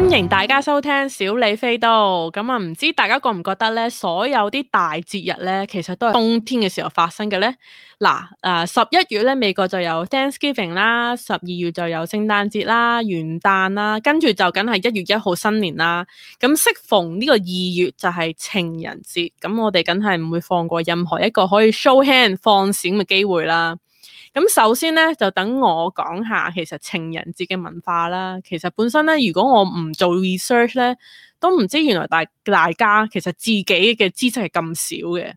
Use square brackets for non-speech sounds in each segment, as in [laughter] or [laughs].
歡迎大家收聽小李飛刀咁啊，唔知大家覺唔覺得咧，所有啲大節日咧，其實都係冬天嘅時候發生嘅咧。嗱，誒十一月咧，美國就有 Thanksgiving 啦，十二月就有聖誕節啦、元旦啦，跟住就梗係一月一號新年啦。咁適逢呢個二月就係情人節，咁我哋梗係唔會放過任何一個可以 show hand 放閃嘅機會啦。咁首先咧，就等我講下其實情人節嘅文化啦。其實本身咧，如果我唔做 research 咧，都唔知原來大大家其實自己嘅知識係咁少嘅。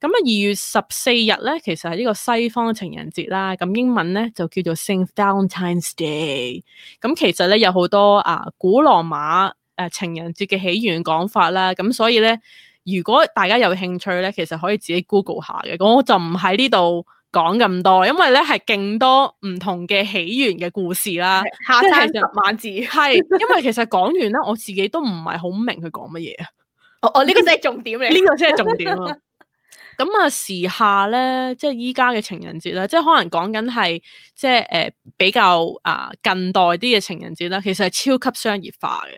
咁啊，二月十四日咧，其實係呢個西方情人節啦。咁英文咧就叫做 Saint Valentine's Day。咁其實咧有好多啊古羅馬誒、啊、情人節嘅起源講法啦。咁所以咧，如果大家有興趣咧，其實可以自己 Google 下嘅。我就唔喺呢度講咁多，因為咧係勁多唔同嘅起源嘅故事啦，下即係萬字係， [laughs] 因為其實講完咧，我自己都唔係好明佢講乜嘢啊。哦哦呢個真係重點嚟，呢個真係重點。咁啊，時下咧，即係依家嘅情人節咧，即係可能講緊係即係誒、呃、比較啊、呃、近代啲嘅情人節啦，其實係超級商業化嘅。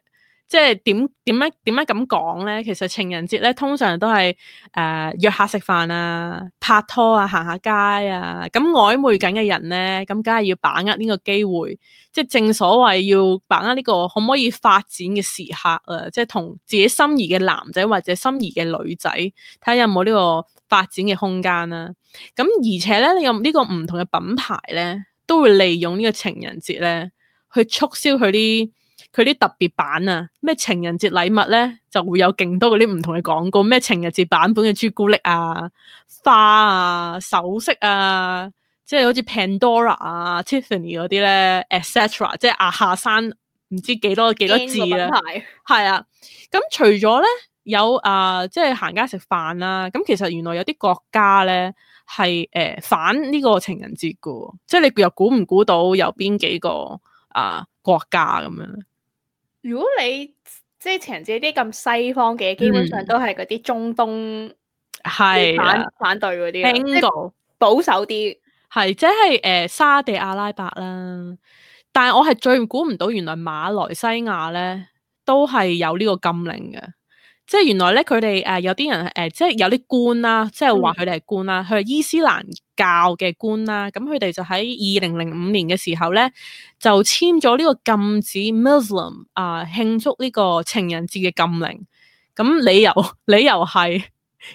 即係點點樣點樣咁講咧？其實情人節咧，通常都係誒、呃、約下食飯啊、拍拖啊、行下街啊。咁、嗯、曖昧緊嘅人咧，咁梗係要把握呢個機會。即係正所謂要把握呢個可唔可以發展嘅時刻啊！即係同自己心儀嘅男仔或者心儀嘅女仔，睇下有冇呢個發展嘅空間啦、啊。咁、嗯、而且咧，你有呢個唔同嘅品牌咧，都會利用呢個情人節咧，去促銷佢啲，佢啲特別版啊，咩情人節禮物咧，就會有勁多嗰啲唔同嘅廣告，咩情人節版本嘅朱古力啊、花啊、首飾啊，即係好似 Pandora 啊、 [music] Tiffany 嗰啲咧，etc，即係亞、啊、夏山唔知幾多幾多字啊，係、呃、啊，咁除咗咧有啊，即係行街食飯啦，咁其實原來有啲國家咧係誒反呢個情人節嘅，即係你又估唔估到有邊幾個啊、呃、國家咁樣？如果你即係情人節啲咁西方嘅，基本上都係嗰啲中東係反反對嗰啲，即係保守啲，係即係誒沙地阿拉伯啦。但係我係最估唔到，原來馬來西亞咧都係有呢個禁令嘅，即係原來咧佢哋誒有啲人誒即係有啲官啦，即係話佢哋係官啦、啊，佢係、啊、伊斯蘭。教嘅官啦，咁佢哋就喺二零零五年嘅時候咧，就簽咗呢個禁止 Muslim 啊、呃、慶祝呢個情人節嘅禁令。咁、嗯、理由理由係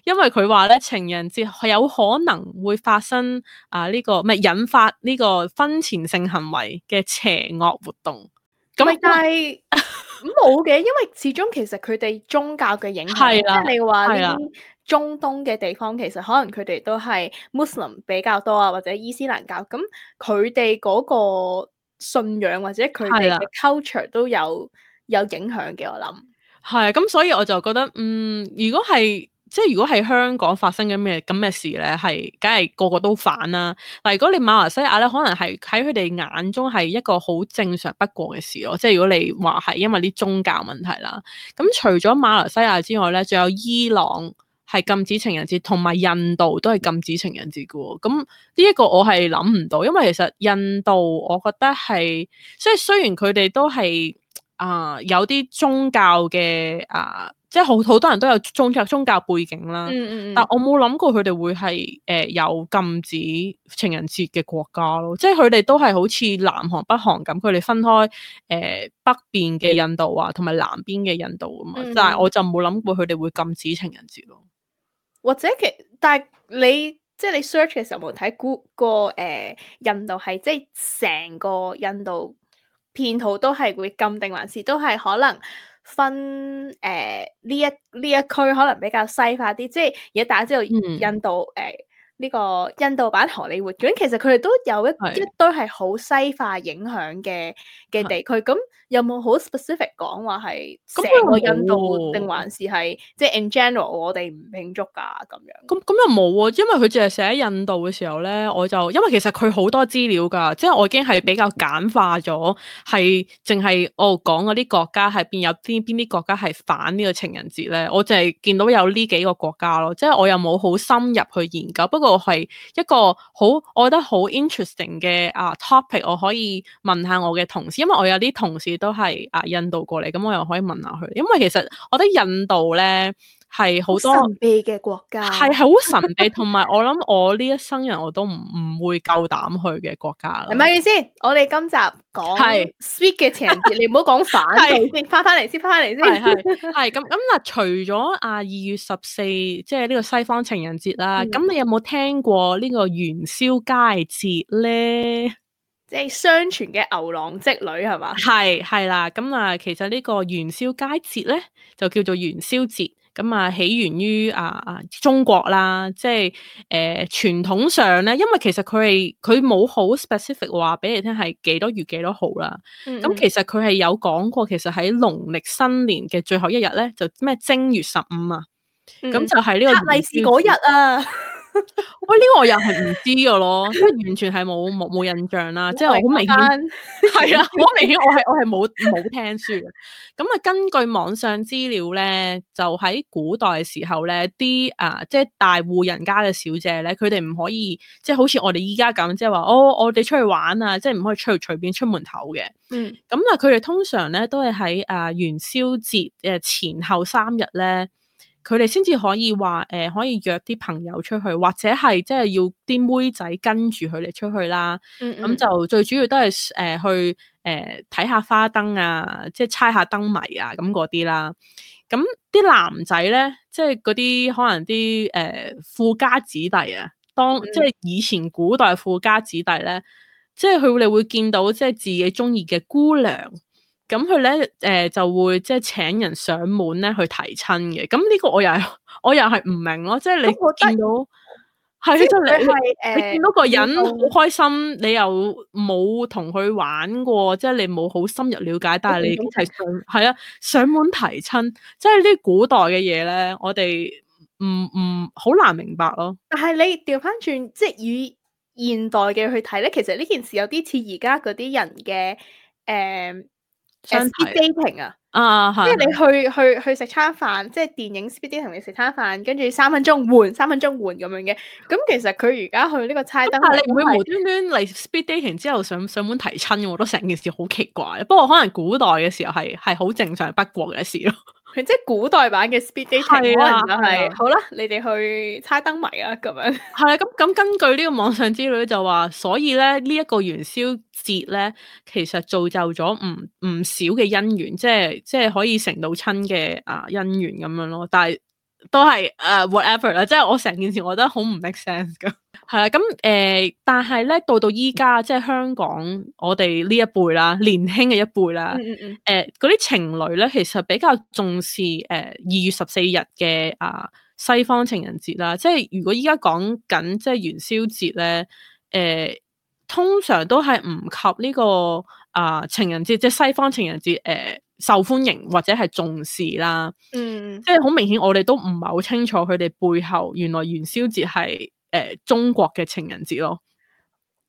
因為佢話咧，情人節係有可能會發生啊呢、呃，這個咩引發呢個婚前性行為嘅邪惡活動。咁但係咁冇嘅，因為始終其實佢哋宗教嘅影響，即係的你話呢。中東嘅地方其實可能佢哋都係 Muslim 比較多啊，或者伊斯蘭教咁，佢哋嗰個信仰或者佢哋嘅 culture 都有的有影響嘅，我諗係啊，咁所以我就覺得嗯，如果係即係如果係香港發生緊咩咁嘅事咧，係梗係個個都反啦。但如果你馬來西亞咧，可能係喺佢哋眼中係一個好正常不過嘅事咯。即係如果你話係因為啲宗教問題啦，咁除咗馬來西亞之外咧，仲有伊朗。係禁止情人節，同埋印度都係禁止情人節嘅喎、哦。咁呢一個我係諗唔到，因為其實印度我覺得係即係雖然佢哋都係啊、呃、有啲宗教嘅啊、呃，即係好好多人都有宗教宗教背景啦。嗯嗯嗯。但我冇諗過佢哋會係誒、呃、有禁止情人節嘅國家咯，即係佢哋都係好似南韓、北韓咁，佢哋分開誒、呃、北邊嘅印度啊，同埋南邊嘅印度咁嘛。嗯嗯嗯。但係我就冇諗過佢哋會禁止情人節咯。或者其，但係你即係、就是、你 search 嘅時候有有估，冇睇 Google 印度係即係成個印度片圖都係會禁定還是都係可能分誒呢、呃、一呢一區可能比較西化啲，即而家大家知道印度誒。嗯呢個印度版荷里活咁，其實佢哋都有一是一堆係好西化影響嘅嘅地區。咁是有冇好 specific 講話係成個印度定不還是係即係 in general 我哋唔慶祝㗎咁樣？咁咁又冇喎，因為佢淨係寫喺印度嘅時候咧，我就因為其實佢好多資料㗎，即係我已經係比較簡化咗，係淨係我講嗰啲國家係邊有邊邊啲國家係反呢個情人節咧，我就係見到有呢幾個國家咯，即係我又冇好深入去研究。不過我係一個好，我覺得好 interesting 嘅啊 topic，我可以問下我嘅同事，因為我有啲同事都係啊印度過嚟，咁我又可以問下佢，因為其實我覺得印度咧。係好多神秘嘅國家，係好神秘，同埋我諗我呢一生人我都唔唔會夠膽去嘅國家啦。唔好意思，我哋今集講係 sweet 嘅情人節，你唔好講反，係翻翻嚟先，翻翻嚟先，係係係咁咁嗱。除咗啊二月十四，即係呢個西方情人節啦，咁你有冇聽過呢個元宵佳節咧？即係相傳嘅牛郎織女係嘛？係係啦，咁啊，其實呢個元宵佳節咧，就叫做元宵節。咁啊，起源於啊啊中國啦，即係誒、呃、傳統上咧，因為其實佢係佢冇好 specific 話俾你聽係幾多月幾多號啦。咁、嗯嗯、其實佢係有講過，其實喺農曆新年嘅最後一日咧，就咩正月十五啊，咁、嗯、就係呢個利是日啊。 [laughs] 喂，呢、哎這個我又係唔知嘅咯，即係完全係冇冇冇印象啦。 [laughs] 即係好明顯，係 [laughs] 啊，明我明顯我係我係冇冇聽書嘅。咁啊，根據網上資料咧，就喺古代時候咧，啲啊即係、就是、大戶人家嘅小姐咧，佢哋唔可以即係、就是、好似我哋依家咁，即係話哦，我哋出去玩啊，即係唔可以隨隨便出門口嘅。嗯。咁嗱，佢哋通常咧都係喺啊元宵節誒前後三日咧。佢哋先至可以話，誒、呃、可以約啲朋友出去，或者係即係要啲妹仔跟住佢哋出去啦。咁、嗯嗯、就最主要都係誒、呃、去誒睇、呃、下花燈啊，即、就、係、是、猜下燈謎啊，咁嗰啲啦。咁啲男仔咧，即係嗰啲可能啲誒富家子弟啊，當、嗯、即係以前古代富家子弟咧，即係佢哋會見到即係自己中意嘅姑娘。咁佢咧，誒就會即係請人上門咧去提親嘅。咁呢個我又我又係唔明咯，即係你見到係真係你見到個人好開心，你又冇同佢玩過，即係你冇好深入了解，但係你係上係啊上門提親，即係呢古代嘅嘢咧，我哋唔唔好難明白咯。但係你調翻轉，即係以現代嘅去睇咧，其實呢件事有啲似而家嗰啲人嘅誒，speed dating 啊，即係你去對去去食餐飯，即係電影 speed dating，你食餐飯，跟住三分鐘換，三分鐘換咁樣嘅。咁其實佢而家去呢個差燈，你唔會無端端嚟 speed dating 之後上上,上門提親，我覺得成件事好奇怪。不過可能古代嘅時候係係好正常北國嘅事咯。即係古代版嘅 speed dating、啊、可能就係、是，啊、好啦，你哋去猜燈謎啊，咁樣。係啊，咁咁根據呢個網上資料就話，所以咧呢一個元宵節咧，其實造就咗唔唔少嘅姻緣，即係即係可以成到親嘅啊姻緣咁樣咯，但係。都係誒、uh, whatever 啦，即係我成件事我覺得好唔 make sense 噶，係啦咁誒，但係咧到到依家即係香港，我哋呢一輩啦，年輕嘅一輩啦，誒嗰啲情侶咧其實比較重視誒二、呃、月十四日嘅啊、呃、西方情人節啦，即係如果依家講緊即係元宵節咧，誒、呃、通常都係唔及呢、呢個啊、呃、情人節，即係西方情人節誒。呃受歡迎或者係重視啦，嗯，即係好明顯，我哋都唔係好清楚佢哋背後原來元宵節係誒、呃、中國嘅情人節咯。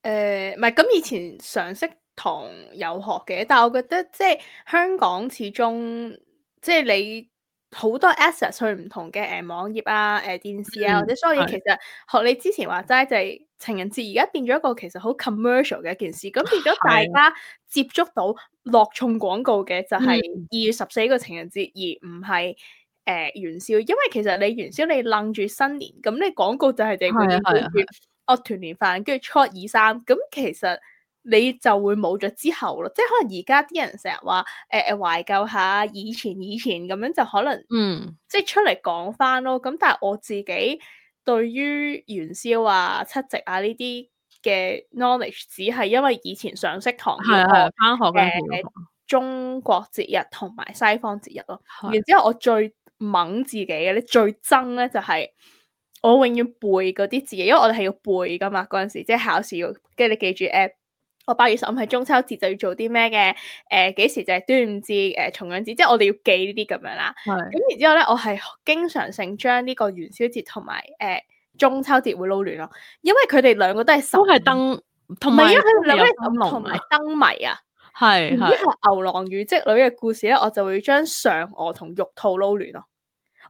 誒、呃，唔係，咁以前常識堂有學嘅，但係我覺得即係香港始終即係你。好多 access 去唔同嘅誒、呃、網頁啊、誒、呃、電視啊或者，所以其實學、嗯、你之前話齋就係、是、情人節，而家變咗一個其實好 commercial 嘅一件事。咁變咗大家接觸到的落重廣告嘅就係二月十四個情人節，嗯、而唔係誒元宵，因為其實你元宵你愣住新年，咁你廣告就係第二哦團年飯跟住初二三，咁其實。你就會冇咗之後咯，即係可能而家啲人成日話誒誒懷舊下以前以前咁樣就可能，嗯，即係出嚟講返咯。咁但係我自己對於元宵啊、七夕啊呢啲嘅 knowledge 只係因為以前上識堂係啊係返學嘅中國節日同埋西方節日咯。的然後之後我最懵自己嘅咧，最憎咧就係我永遠背嗰啲字，因為我哋係要背㗎嘛，嗰陣時即係考試要，跟住你記住誒。呃我八月十五係中秋節就要做啲咩嘅？誒、呃、幾時就係端午節，誒、呃、重陽節，即係我哋要記呢啲咁樣啦。咁是然後之後咧，我係經常性將呢個元宵節同埋誒中秋節會撈亂咯，因為佢哋兩個都係手都係燈。唔係啊！佢哋兩個係燈同埋燈迷啊。係係。呢個牛郎與織女嘅故事咧，我就會將嫦娥同玉兔撈亂咯。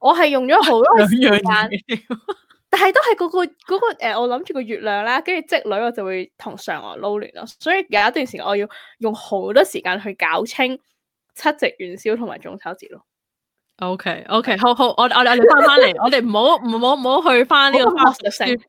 我係用咗好多時間。個 [laughs] 但係都係嗰、那個、那個誒、呃，我諗住個月亮啦，跟住織女，我就會同嫦娥撈亂咯。所以有一段時間，我要用好多時間去搞清七夕元宵同埋中秋節咯。OK OK，好好，我 [laughs] 我我哋翻翻嚟，我哋唔好唔好唔好去翻呢個書。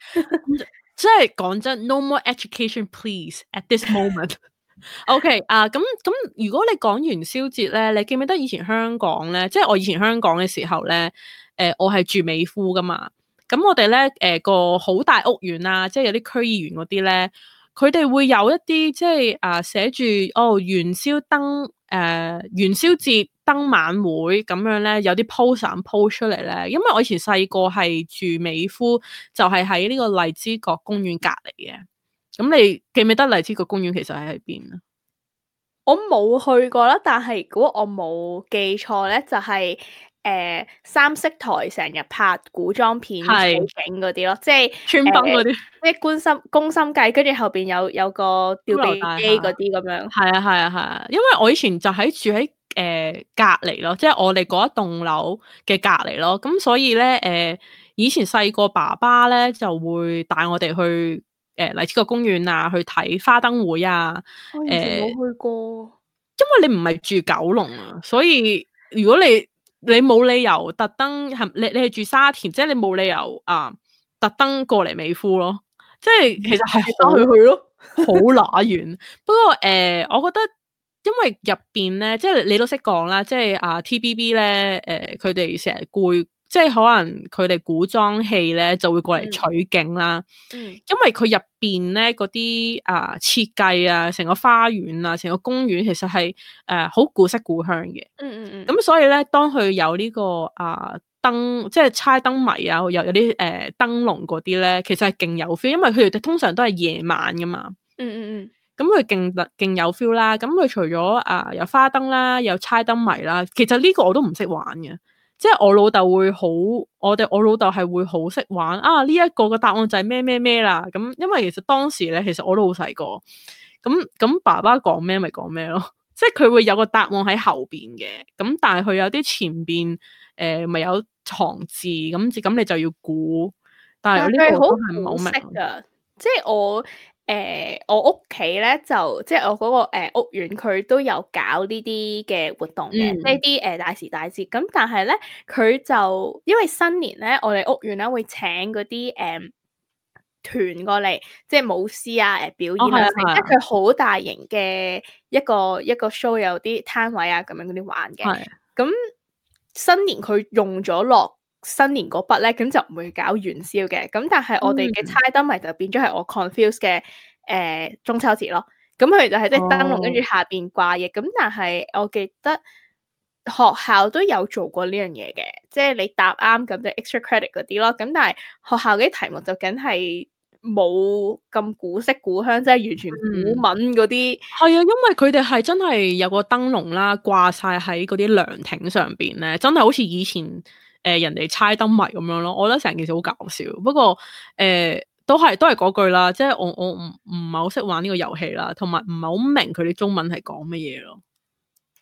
即係講真，真，No more education please at this moment [laughs] okay、uh。OK 啊，咁咁，如果你講元宵節咧，你記唔記得以前香港咧，即、就、係、是、我以前香港嘅時候咧，誒、呃，我係住美孚噶嘛。咁我哋咧，誒個好大屋苑啊，即係有啲區議員嗰啲咧，佢哋會有一啲即係啊、呃、寫住哦元宵燈誒、呃、元宵節燈晚會咁樣咧，有啲 post 散 post 出嚟咧。因為我以前細個係住美孚，就係喺呢個荔枝角公園隔離嘅。咁你記唔記得荔枝角公園其實喺喺邊啊？我冇去過啦，但係如果我冇記錯咧，就係、是。誒，三色台成日拍古裝片，全是景嗰啲咯，即係穿幫嗰啲，即係村崩、呃、觀心宮心計，跟住後邊有有個吊臂機嗰啲咁樣。係啊，係啊，係啊，因為我以前就喺住喺誒隔籬咯，即係我哋嗰一棟樓嘅隔籬咯，咁、嗯、所以咧，誒、呃，以前細個爸爸咧就會帶我哋去誒、呃、荔枝角公園啊，去睇花燈會啊，誒、呃，冇去過，因為你唔係住九龍啊，所以如果你。 [laughs] 你冇理由特登係你，你係住沙田，即係你冇理由啊、uh, 特登過嚟美孚咯，即係其實係翻去去咯，好乸、嗯、遠。不過誒、呃，我覺得因為入邊咧，即係你都識講啦，即係啊 TBB 咧，誒佢哋成日攰。呃即係可能佢哋古裝戲咧就會過嚟取景啦，嗯、因為佢入邊咧嗰啲啊設計啊，成個花園啊，成個公園其實係誒好古色古香嘅、嗯嗯。嗯嗯嗯。咁所以咧，當佢有呢、呢個啊、呃、燈，即係猜燈謎啊，有有啲誒燈籠嗰啲咧，其實係勁有 feel，因為佢哋通常都係夜晚噶嘛。嗯嗯嗯。咁佢勁得勁有 feel 啦。咁、嗯、佢除咗啊、呃呃呃、有花燈啦，有猜燈謎啦，其實呢個我都唔識玩嘅。即係我老豆會好，我哋我老豆係會好識玩啊！呢、這、一個嘅答案就係咩咩咩啦。咁因為其實當時咧，其實我都好細個。咁咁爸爸講咩咪講咩咯。即係佢會有個答案喺後邊嘅。咁但係佢有啲前邊誒咪有藏字咁，咁你就要估。但係有啲都好唔好明㗎、啊。即係我。誒、呃，我屋企咧就即係我嗰、那個、呃、屋苑，佢都有搞呢啲嘅活動嘅，呢啲誒大時大節咁、嗯，但係咧佢就因為新年咧，我哋屋苑咧會請嗰啲誒團過嚟，即係舞獅啊誒、呃、表演啊，即係佢好大型嘅一個一個 show，有啲攤位啊咁樣嗰啲玩嘅，咁是、嗯、新年佢用咗落。新年嗰筆咧，咁就唔會搞元宵嘅。咁但係我哋嘅猜燈謎就變咗係我 confuse 嘅誒、呃、中秋節咯。咁佢就係即係燈籠，跟住、oh. 下邊掛嘢。咁但係我記得學校都有做過呢樣嘢嘅，即係你答啱咁就 extra credit 嗰啲咯。咁但係學校嗰啲題目就梗係冇咁古色古香，即係、mm. 完全古文嗰啲。係啊，因為佢哋係真係有個燈籠啦，掛晒喺嗰啲涼亭上邊咧，真係好似以前。誒、呃、人哋猜燈謎咁樣咯，我覺得成件事好搞笑。不過誒、呃，都係都係嗰句啦，即係我我唔唔係好識玩呢個遊戲啦，同埋唔係好明佢哋中文係講乜嘢咯。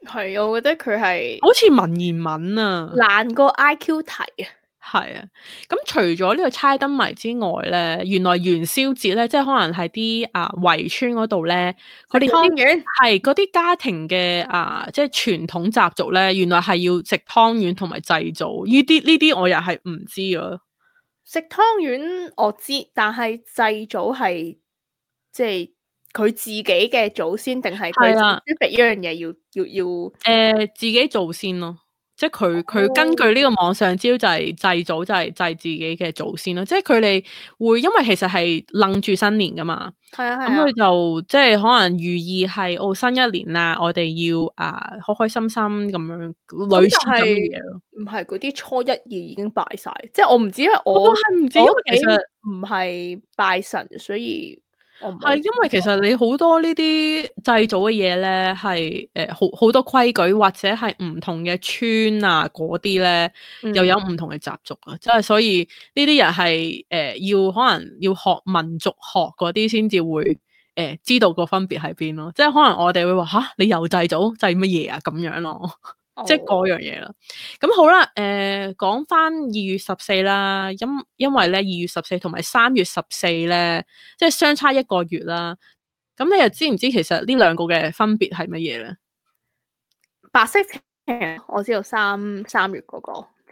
係啊，我覺得佢係好似文言文啊，難過 IQ 題啊！係啊，咁、嗯、除咗呢個猜燈謎之外咧，原來元宵節咧，即係可能係啲啊圍村嗰度咧，佢哋湯圓係嗰啲家庭嘅啊，即係傳統習俗咧，原來係要食湯圓同埋祭祖。呢啲呢啲我又係唔知，湯知、就是、啊。食湯圓我知，但係祭祖係即係佢自己嘅祖先定係佢俾一樣嘢要要要誒、呃、自己做先咯。即係佢佢根據呢個網上招就係祭祖，就係、是、祭自己嘅祖先咯。即係佢哋會因為其實係諗住新年㗎嘛，咁佢就即係可能寓意係哦新一年啦，我哋要啊開開心心咁樣，類似咁嘅嘢咯。唔係嗰啲初一二已經拜晒，即係我唔知，因為我都係唔知，因為其實唔係拜神，所以。係，因為其實你好多製造，呢啲祭祖嘅嘢咧，係誒，好好多規矩，或者係唔同嘅村啊嗰啲咧，又有唔同嘅習俗啊，即係、嗯、所以呢啲人係誒、呃、要可能要學民族學嗰啲先至會誒、呃、知道個分別喺邊咯，即係可能我哋會話吓你又祭祖祭乜嘢啊咁樣咯。即係嗰樣嘢啦，咁好啦，誒、呃，講翻二月十四啦，因因為咧二月十四同埋三月十四咧，即係相差一個月啦，咁你又知唔知其實呢兩個嘅分別係乜嘢咧？白色，我知道三三月嗰個。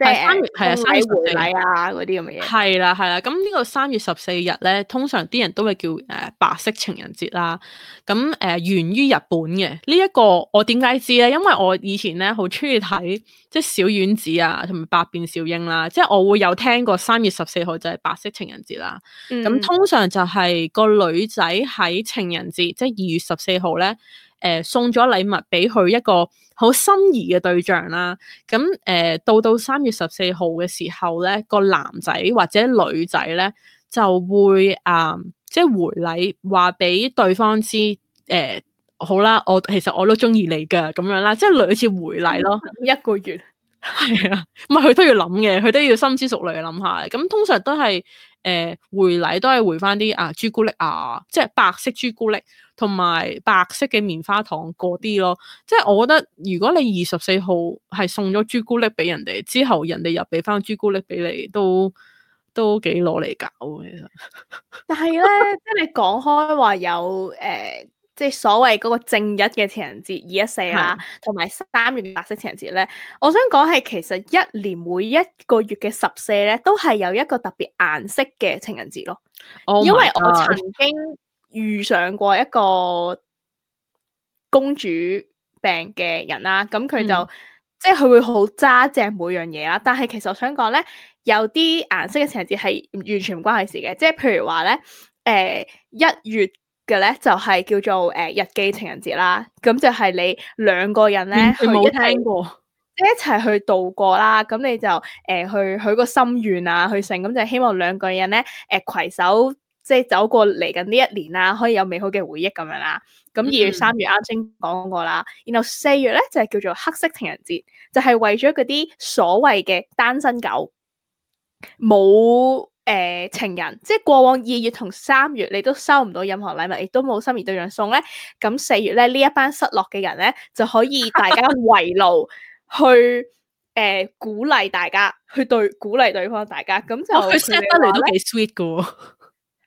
係、就是、三月係啊，對禮三月十四啊嗰啲咁嘅嘢。係啦，係啦。咁呢個三月十四日咧、啊，通常啲人都會叫誒白色情人節啦。咁誒、呃、源於日本嘅、這個、呢一個，我點解知咧？因為我以前咧好中意睇即係小丸子啊，同埋百變小英啦。即、就、係、是、我會有聽過三月十四號就係白色情人節啦。咁、嗯、通常就係個女仔喺情人節，即係二月十四號咧。誒、呃、送咗禮物俾佢一個好心儀嘅對象啦，咁、呃、誒到到三月十四號嘅時候咧，個男仔或者女仔咧就會誒、呃、即係回禮，話俾對方知誒、呃、好啦，我其實我都中意你噶咁樣啦，即係兩次回禮咯， [laughs] 一個月，係 [laughs] 啊， [laughs] 唔係佢都要諗嘅，佢都要深思熟慮諗下嘅，咁、嗯、通常都係誒、呃、回禮都係回翻啲啊朱古力啊，即係白色朱古力。啊同埋白色嘅棉花糖嗰啲咯，即係我覺得如果你二十四號係送咗朱古力俾人哋，之後人哋又俾翻朱古力俾你，都都幾攞嚟搞。其實，但係咧，即係你講開話有誒，即、呃、係、就是、所謂嗰個正日嘅情人節二一四啦，同埋三月白色情人節咧，我想講係其實一年每一個月嘅十四咧，都係有一個特別顏色嘅情人節咯。Oh my God 因為我曾經，遇上過一個公主病嘅人啦，咁佢就、嗯、即係佢會好揸正每樣嘢啦。但係其實我想講咧，有啲顏色嘅情人節係完全唔關佢事嘅。即係譬如話咧，誒、呃、一月嘅咧就係、是、叫做誒、呃、日記情人節啦。咁就係你兩個人咧去冇聽過、一齊去度過啦。咁你就誒、呃、去許個心願啊，去成咁就希望兩個人咧誒攜手。即係走過嚟緊呢一年啦，啊，可以有美好嘅回憶咁樣啦，啊。咁二月， [noise] 三月啱先講過啦，然後四月咧，就係叫做黑色情人節，就係、是、為咗嗰啲所謂嘅單身狗冇、誒、呃、情人，即係過往二月同三月你都收唔到任何禮物，亦都冇心儀對象送咧。咁四月咧呢 [laughs] 一班失落嘅人咧就可以大家圍爐去誒、呃、鼓勵大家去對鼓勵對方，大家咁就。我得嚟都幾 sweet 噶。 [noise]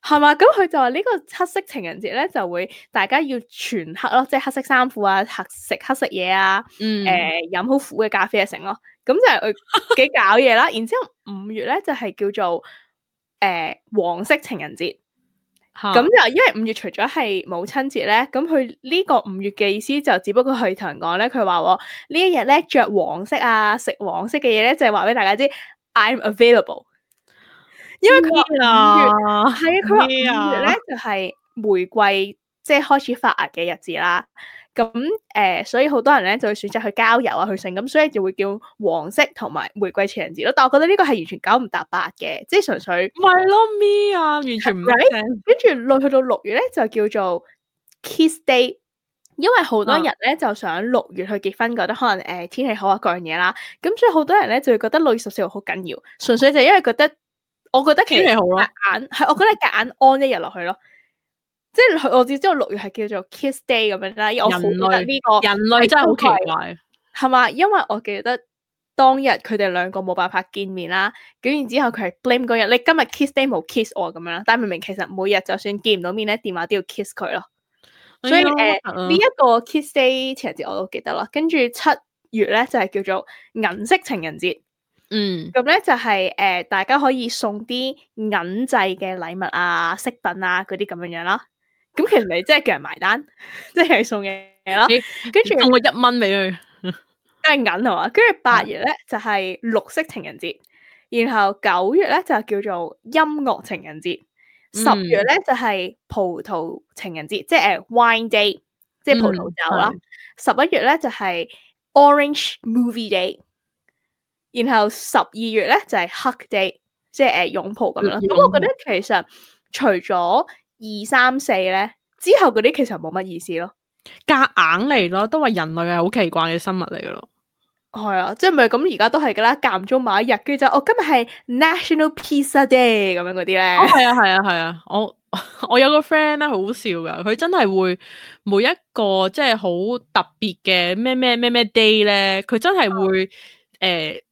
係嘛？咁佢就話呢個黑色情人節咧，就會大家要全黑咯，即係黑色衫褲啊，黑食黑色嘢啊，誒飲好苦嘅咖啡啊、成咯。咁就係佢幾搞嘢啦。 [laughs] 然之後五月咧就係、是、叫做誒、呃、黃色情人節。咁 [laughs] 就因為五月除咗係母親節咧，咁佢呢個五月嘅意思就只不過係同人講咧，佢話喎呢一日咧着黃色啊，食黃色嘅嘢咧，就係話俾大家知 I'm available。因為佢五月係啊，佢話五月咧就係、是、玫瑰即係、就是、開始發芽嘅日子啦。咁誒、呃，所以好多人咧就會選擇去郊遊啊，去剩咁，所以就會叫黃色同埋玫瑰情人節咯。但係我覺得呢個係完全九唔搭八嘅，即係純粹唔係咯，咩啊，完全唔係。跟住落去到六月咧，就叫做 Kiss Day，因為好多人咧、嗯、就想六月去結婚，覺得可能誒、呃、天氣好啊，各樣嘢啦。咁所以好多人咧就會覺得六月十四號好緊要，純粹就因為覺得。我覺得其實夾眼係，我覺得夾硬安一日落去咯，即係我只知道六月係叫做 Kiss Day 咁樣啦。因為我人類呢個人類真係好奇怪，係嘛？因為我記得當日佢哋兩個冇辦法見面啦，咁然之後佢係 blame 嗰日，你今日 Kiss Day 冇 kiss 我咁樣啦。但係明明其實每日就算見唔到面咧，電話都要 kiss 佢咯。所以誒，呢一個 Kiss Day 情人節我都記得啦。跟住七月咧就係、是、叫做銀色情人節。.嗯，咁咧就係誒，大家可以送啲銀製嘅禮物啊、飾品啊嗰啲咁樣樣啦。咁其實你即係叫人埋單，即係送嘢咯。跟住送個一蚊俾佢，都係銀係嘛？跟住八月咧就係綠色情人節，然後九月咧就叫做音樂情人節，十月咧就係葡萄情人節，即係誒 wine day，即係葡萄酒啦。十一月咧就係 orange movie day。然後十二月咧就係 hug day，即係誒擁抱咁樣咯。咁我覺得其實除咗二三四咧之後嗰啲其實冇乜意思咯。夾硬嚟，咯，都話人類係好奇怪嘅生物嚟噶咯。係啊，即係咪咁而家都係噶啦，間唔中某一日，跟住就我今日係 National Pizza Day 咁樣嗰啲咧。係、 [laughs] 哦、啊，係啊，係 [laughs] 啊。我我有個 friend 咧好笑噶，佢真係會每一個即係好特別嘅咩咩咩咩 day 咧，佢真係會誒。 [noise] 啊啊 [noise]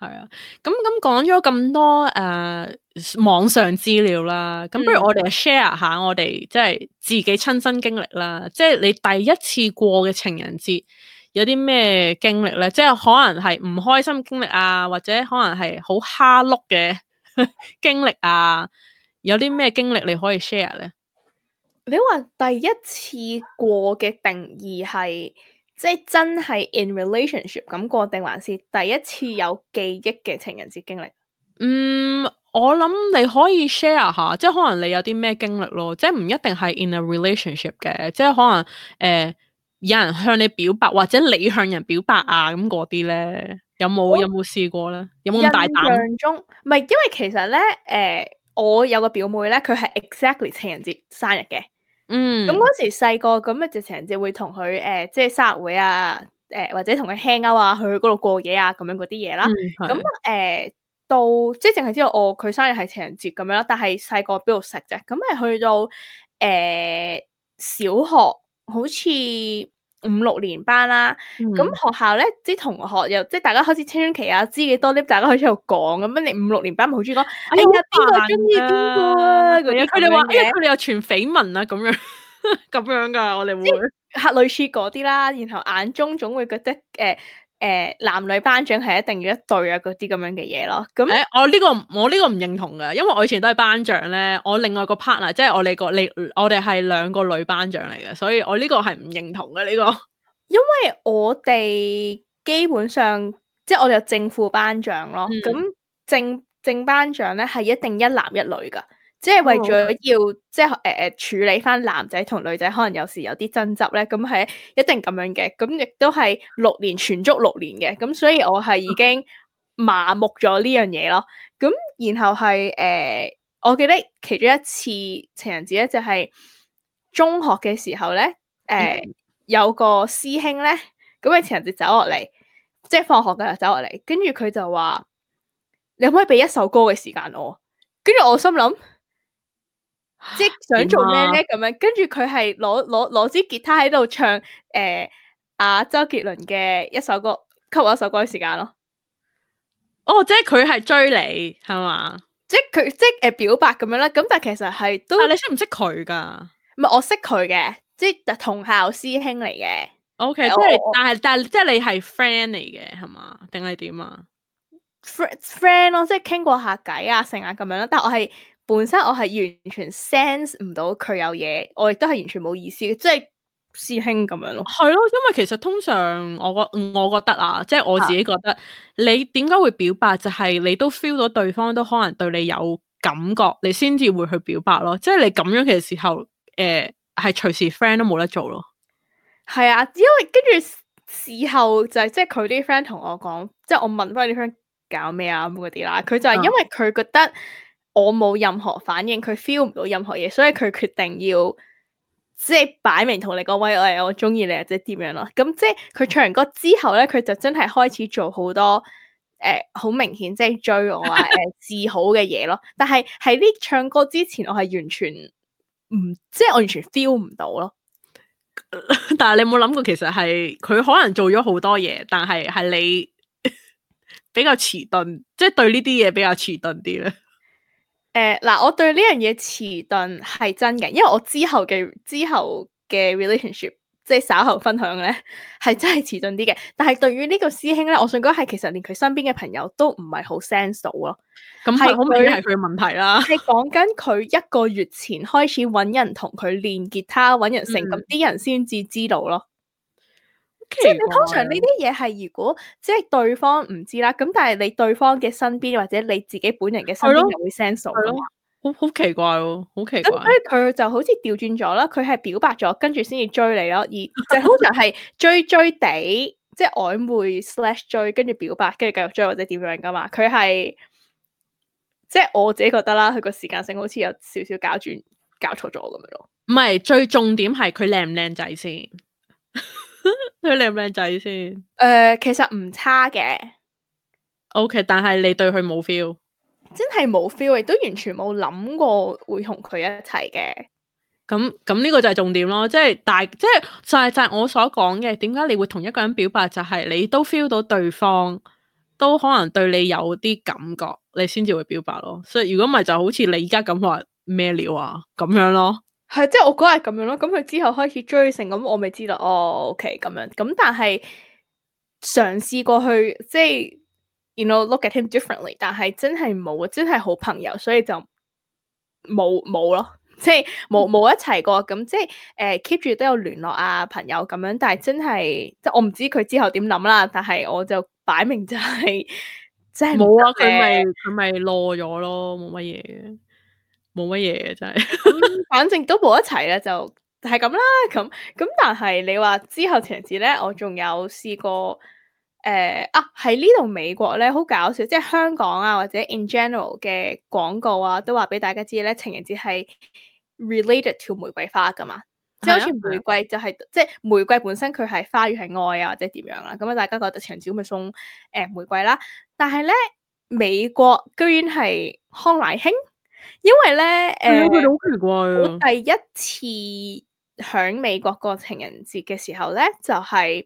係啊，咁咁講咗咁多誒、uh, 網上資料啦，咁不如我哋 share 下我哋即係自己親身經歷啦，即係你第一次過嘅情人節有啲咩經歷咧？即係可能係唔開心經歷啊，或者可能係好哈碌嘅經歷啊，有啲咩經歷你可以 share 咧？你話第一次過嘅定義係？即係真係 in relationship 咁過定，還是第一次有記憶嘅情人節經歷？嗯，我諗你可以 share 下，即係可能你有啲咩經歷咯，即係唔一定係 in a relationship 嘅，即係可能誒、呃、有人向你表白，或者你向人表白啊，咁嗰啲咧，有冇有冇試我過咧？有冇大膽？印象中，唔係，因為其實咧，誒、呃、我有個表妹咧，佢係 exactly 情人節生日嘅。嗯，咁嗰時細個咁嘅就情人節會同佢誒，即係生日會啊，誒、呃、或者同佢 hang out 啊，去嗰度過夜啊，咁樣嗰啲嘢啦。咁誒、嗯呃、到即係淨係知道哦，佢生日係情人節咁樣，但係細個邊度食啫？咁係去到誒、呃、小學好似。五六年班啦，咁、嗯嗯、學校咧啲同學又即係大家開始青春期啊，知幾多啲，大家開始度講咁樣。你五六年班咪好中意講，哎呀邊個中意邊個嗰啲，佢哋話，因佢哋又傳緋聞啊，咁樣咁樣噶我哋會吓類似嗰啲啦，然後眼中總會覺得誒。呃誒、呃，男女班長係一定要一對啊，嗰啲咁樣嘅嘢咯。咁、欸，我呢、呢個我呢個唔認同噶，因為我以前都係班長咧，我另外個 partner 即係我哋、嗰個你，我哋係兩個女班長嚟嘅，所以我呢個係唔認同嘅呢、呢個。因為我哋基本上即係我哋有正副班長咯，咁、嗯、正正班長咧係一定一男一女噶。即係為咗要即係誒、呃、處理翻男仔同女仔可能有時有啲爭執咧，咁係一定咁樣嘅。咁亦都係六年全足六年嘅，咁所以我係已經麻木咗呢樣嘢咯。咁然後係誒、呃，我記得其中一次情人節咧，就係、是、中學嘅時候咧，誒、呃、有個師兄咧，咁啊情人節走落嚟，即係放學嗰時候，走落嚟，跟住佢就話：你可唔可以俾一首歌嘅時間我？跟住我心諗。即想做咩咧？咁、啊、樣，跟住佢係攞攞攞支吉他喺度唱誒阿、呃啊、周杰倫嘅一首歌，吸我一首歌嘅時間咯。哦，即係佢係追你係嘛？即係佢即係誒表白咁樣啦。咁但係其實係都。但、啊、你識唔識佢噶？唔係我識佢嘅，即係同校師兄嚟嘅。OK，即係但係但係即係你係 friend 嚟嘅係嘛？定係點啊？friend friend 咯，哦，即係傾過下偈啊，成啊咁樣啦。但係我係。本身我係完全 sense 唔到佢有嘢，我亦都係完全冇意思，即係師兄咁樣咯。係咯，因為其實通常我覺我覺得啊，即係我自己覺得，啊，你點解會表白就係你都 feel 到對方都可能對你有感覺，你先至會去表白咯。即係你咁樣嘅時候，誒係隨時 friend 都冇得做咯。係啊，因為跟住事後就係即係佢啲 friend 同我講，即係我問翻啲 friend 搞咩啊咁嗰啲啦。佢就係因為佢覺得。啊我冇任何反應，佢 feel 唔到任何嘢，所以佢決定要即係擺明同你講喂、哎，我我中意你，或者點樣咯。咁即係佢唱完歌之後咧，佢就真係開始做好多誒，好、呃、明顯即係追我啊，誒、呃，治好嘅嘢咯。但係喺呢唱歌之前，我係完全唔即係我完全 feel 唔到咯。 [laughs] 但係你有冇諗過，其實係佢可能做咗好多嘢，但係係你 [laughs] 比較遲鈍，即係對呢啲嘢比較遲鈍啲咧？誒，嗱、uh,，我對呢樣嘢遲鈍係真嘅，因為我之後嘅之後嘅 relationship，即係稍後分享咧，係真係遲鈍啲嘅。但係對於呢個師兄咧，我想講係其實連佢身邊嘅朋友都唔係好 sense 到咯。咁係、嗯，好係佢嘅問題啦。你講緊佢一個月前開始搵人同佢練吉他，搵人性咁啲人先至知道咯。即係通常呢啲嘢係如果即係對方唔知啦，咁但係你對方嘅身邊或者你自己本人嘅身邊就會 sense 咯，好好奇怪喎，好奇怪。佢就好似調轉咗啦，佢係表白咗，跟住先至追你咯，而就好似係追追地， [laughs] 即係曖昧 slash 追，跟住表白，跟住繼續追或者點樣噶嘛。佢係即係我自己覺得啦，佢個時間性好似有少少搞轉，搞錯咗咁樣咯。唔係，最重點係佢靚唔靚仔先。 [laughs] 佢靚唔靚仔先？誒、 [laughs] 呃，其實唔差嘅。OK，但係你對佢冇 feel，真係冇 feel，亦都完全冇諗過會同佢一齊嘅。咁咁呢個就係重點咯，即係大，即係就係就係我所講嘅。點解你會同一個人表白？就係你都 feel 到對方都可能對你有啲感覺，你先至會表白咯。所以如果唔係，就好似你而家咁話咩料啊咁樣咯。係，即係我覺得係咁樣咯。咁佢之後開始追成，咁我咪知道哦，OK，咁樣。咁但係嘗試過去，即係，you know，look at him differently。但係真係冇，真係好朋友，所以就冇冇咯。即係冇冇一齊過。咁即係誒，keep 住都有聯絡啊，朋友咁樣。但係真係，即係我唔知佢之後點諗啦。但係我就擺明就係，即係冇啊。佢咪佢咪落咗咯，冇乜嘢。冇乜嘢嘅真係， [laughs] 反正都冇一齊咧，就係咁啦。咁咁，但係你話之後情人節咧，我仲有試過誒、呃、啊喺呢度美國咧，好搞笑，即係香港啊或者 in general 嘅廣告啊，都話俾大家知咧，情人節係 related to 玫瑰花噶嘛，即係、啊、好似玫瑰就係、是啊就是、即係玫瑰本身佢係花語係愛啊或者點樣啦。咁啊，大家覺得情人節咪送誒、呃、玫瑰啦？但係咧美國居然係康乃馨。因為咧，誒、呃，我覺得好奇怪啊！ [noise] 我第一次喺美國過情人節嘅時候咧，就係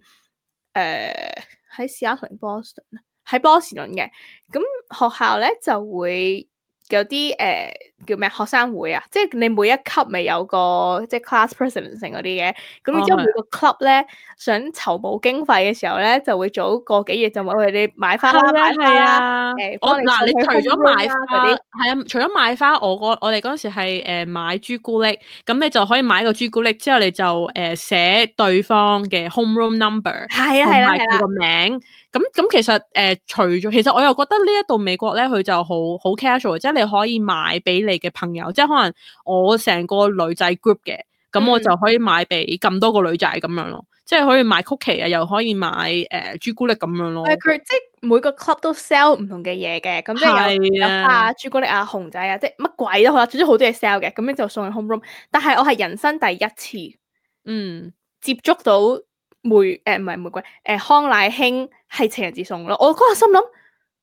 誒喺史阿頓波士頓，喺波士頓嘅，咁學校咧就會。有啲誒、呃、叫咩學生會啊，即係你每一級咪有個即係 class presidency 嗰啲嘅，咁然之後每個 club 咧想籌募經費嘅時候咧，就會早個幾月就問你買花啦，買花誒，我嗱你除咗買花，啲，係啊，除咗買花，我個我哋嗰陣時係誒、呃、買朱古力，咁你就可以買個朱古力之後你就誒、呃、寫對方嘅 homeroom number，係啊係啦，同個名，咁咁、啊啊啊啊、其實誒除咗，其實我又覺得呢一度美國咧佢就好好 casual，即係可以買俾你嘅朋友，即係可能我成個女仔 group 嘅，咁我就可以買俾咁多個女仔咁樣咯，嗯、即係可以買曲奇啊，又可以買誒、呃、朱古力咁樣咯。佢即係每個 club 都 sell 唔同嘅嘢嘅，咁即係有啊的朱古力啊熊仔啊，仔即係乜鬼都好啦，總之好多嘢 sell 嘅，咁你就送去 home room。但係我係人生第一次，嗯，接觸到玫誒唔係玫瑰誒、欸、康乃馨係情人節送咯。我嗰日心諗，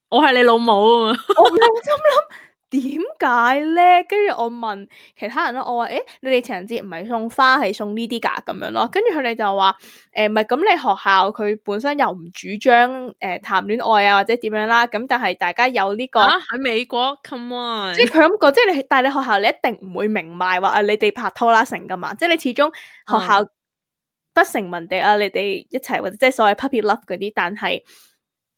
我係你老母啊！我我心諗。點解咧？跟住我問其他人咯，我話，誒、欸，你哋情人節唔係送花，係送呢啲㗎咁樣咯。跟住佢哋就話，誒、呃，唔係咁，你學校佢本身又唔主張誒、呃、談戀愛啊，或者點樣啦。咁但係大家有呢、這個喺、啊、美國，come on，即係佢咁講，即係但你學校你一定唔會明白話啊，你哋拍拖啦成㗎嘛。即係你始終學校不成文地啊，嗯、你哋一齊或者即係所謂 puppy love 嗰啲，但係。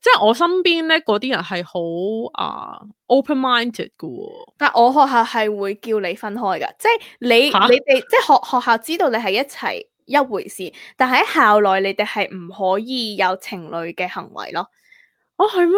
即係我身邊咧，嗰啲人係好啊 open-minded 噶，哦，但我學校係會叫你分開噶，即係你、啊、你哋即係學學校知道你係一齊一回事，但喺校內你哋係唔可以有情侶嘅行為咯。哦，係咩？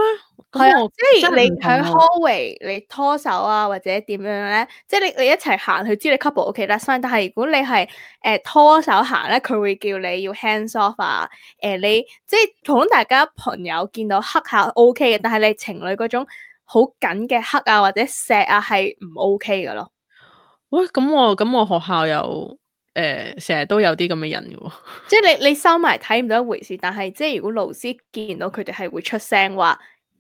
係、啊、即係你喺 Hallway 你拖手啊，或者點樣咧？即係你你一齊行，佢知你 couple OK，that's fine。但係如果你係誒、呃、拖手行咧，佢會叫你要 hands off 啊。誒、呃，你即係同大家朋友見到黑下 O K 嘅，但係你情侶嗰種好緊嘅黑啊或者錫啊係唔 O K 嘅咯？喂，咁我咁我學校又～誒，成日、呃、都有啲咁嘅人嘅喎、哦，即係你你收埋睇唔到一回事，但係即係如果老師見到佢哋係會出聲話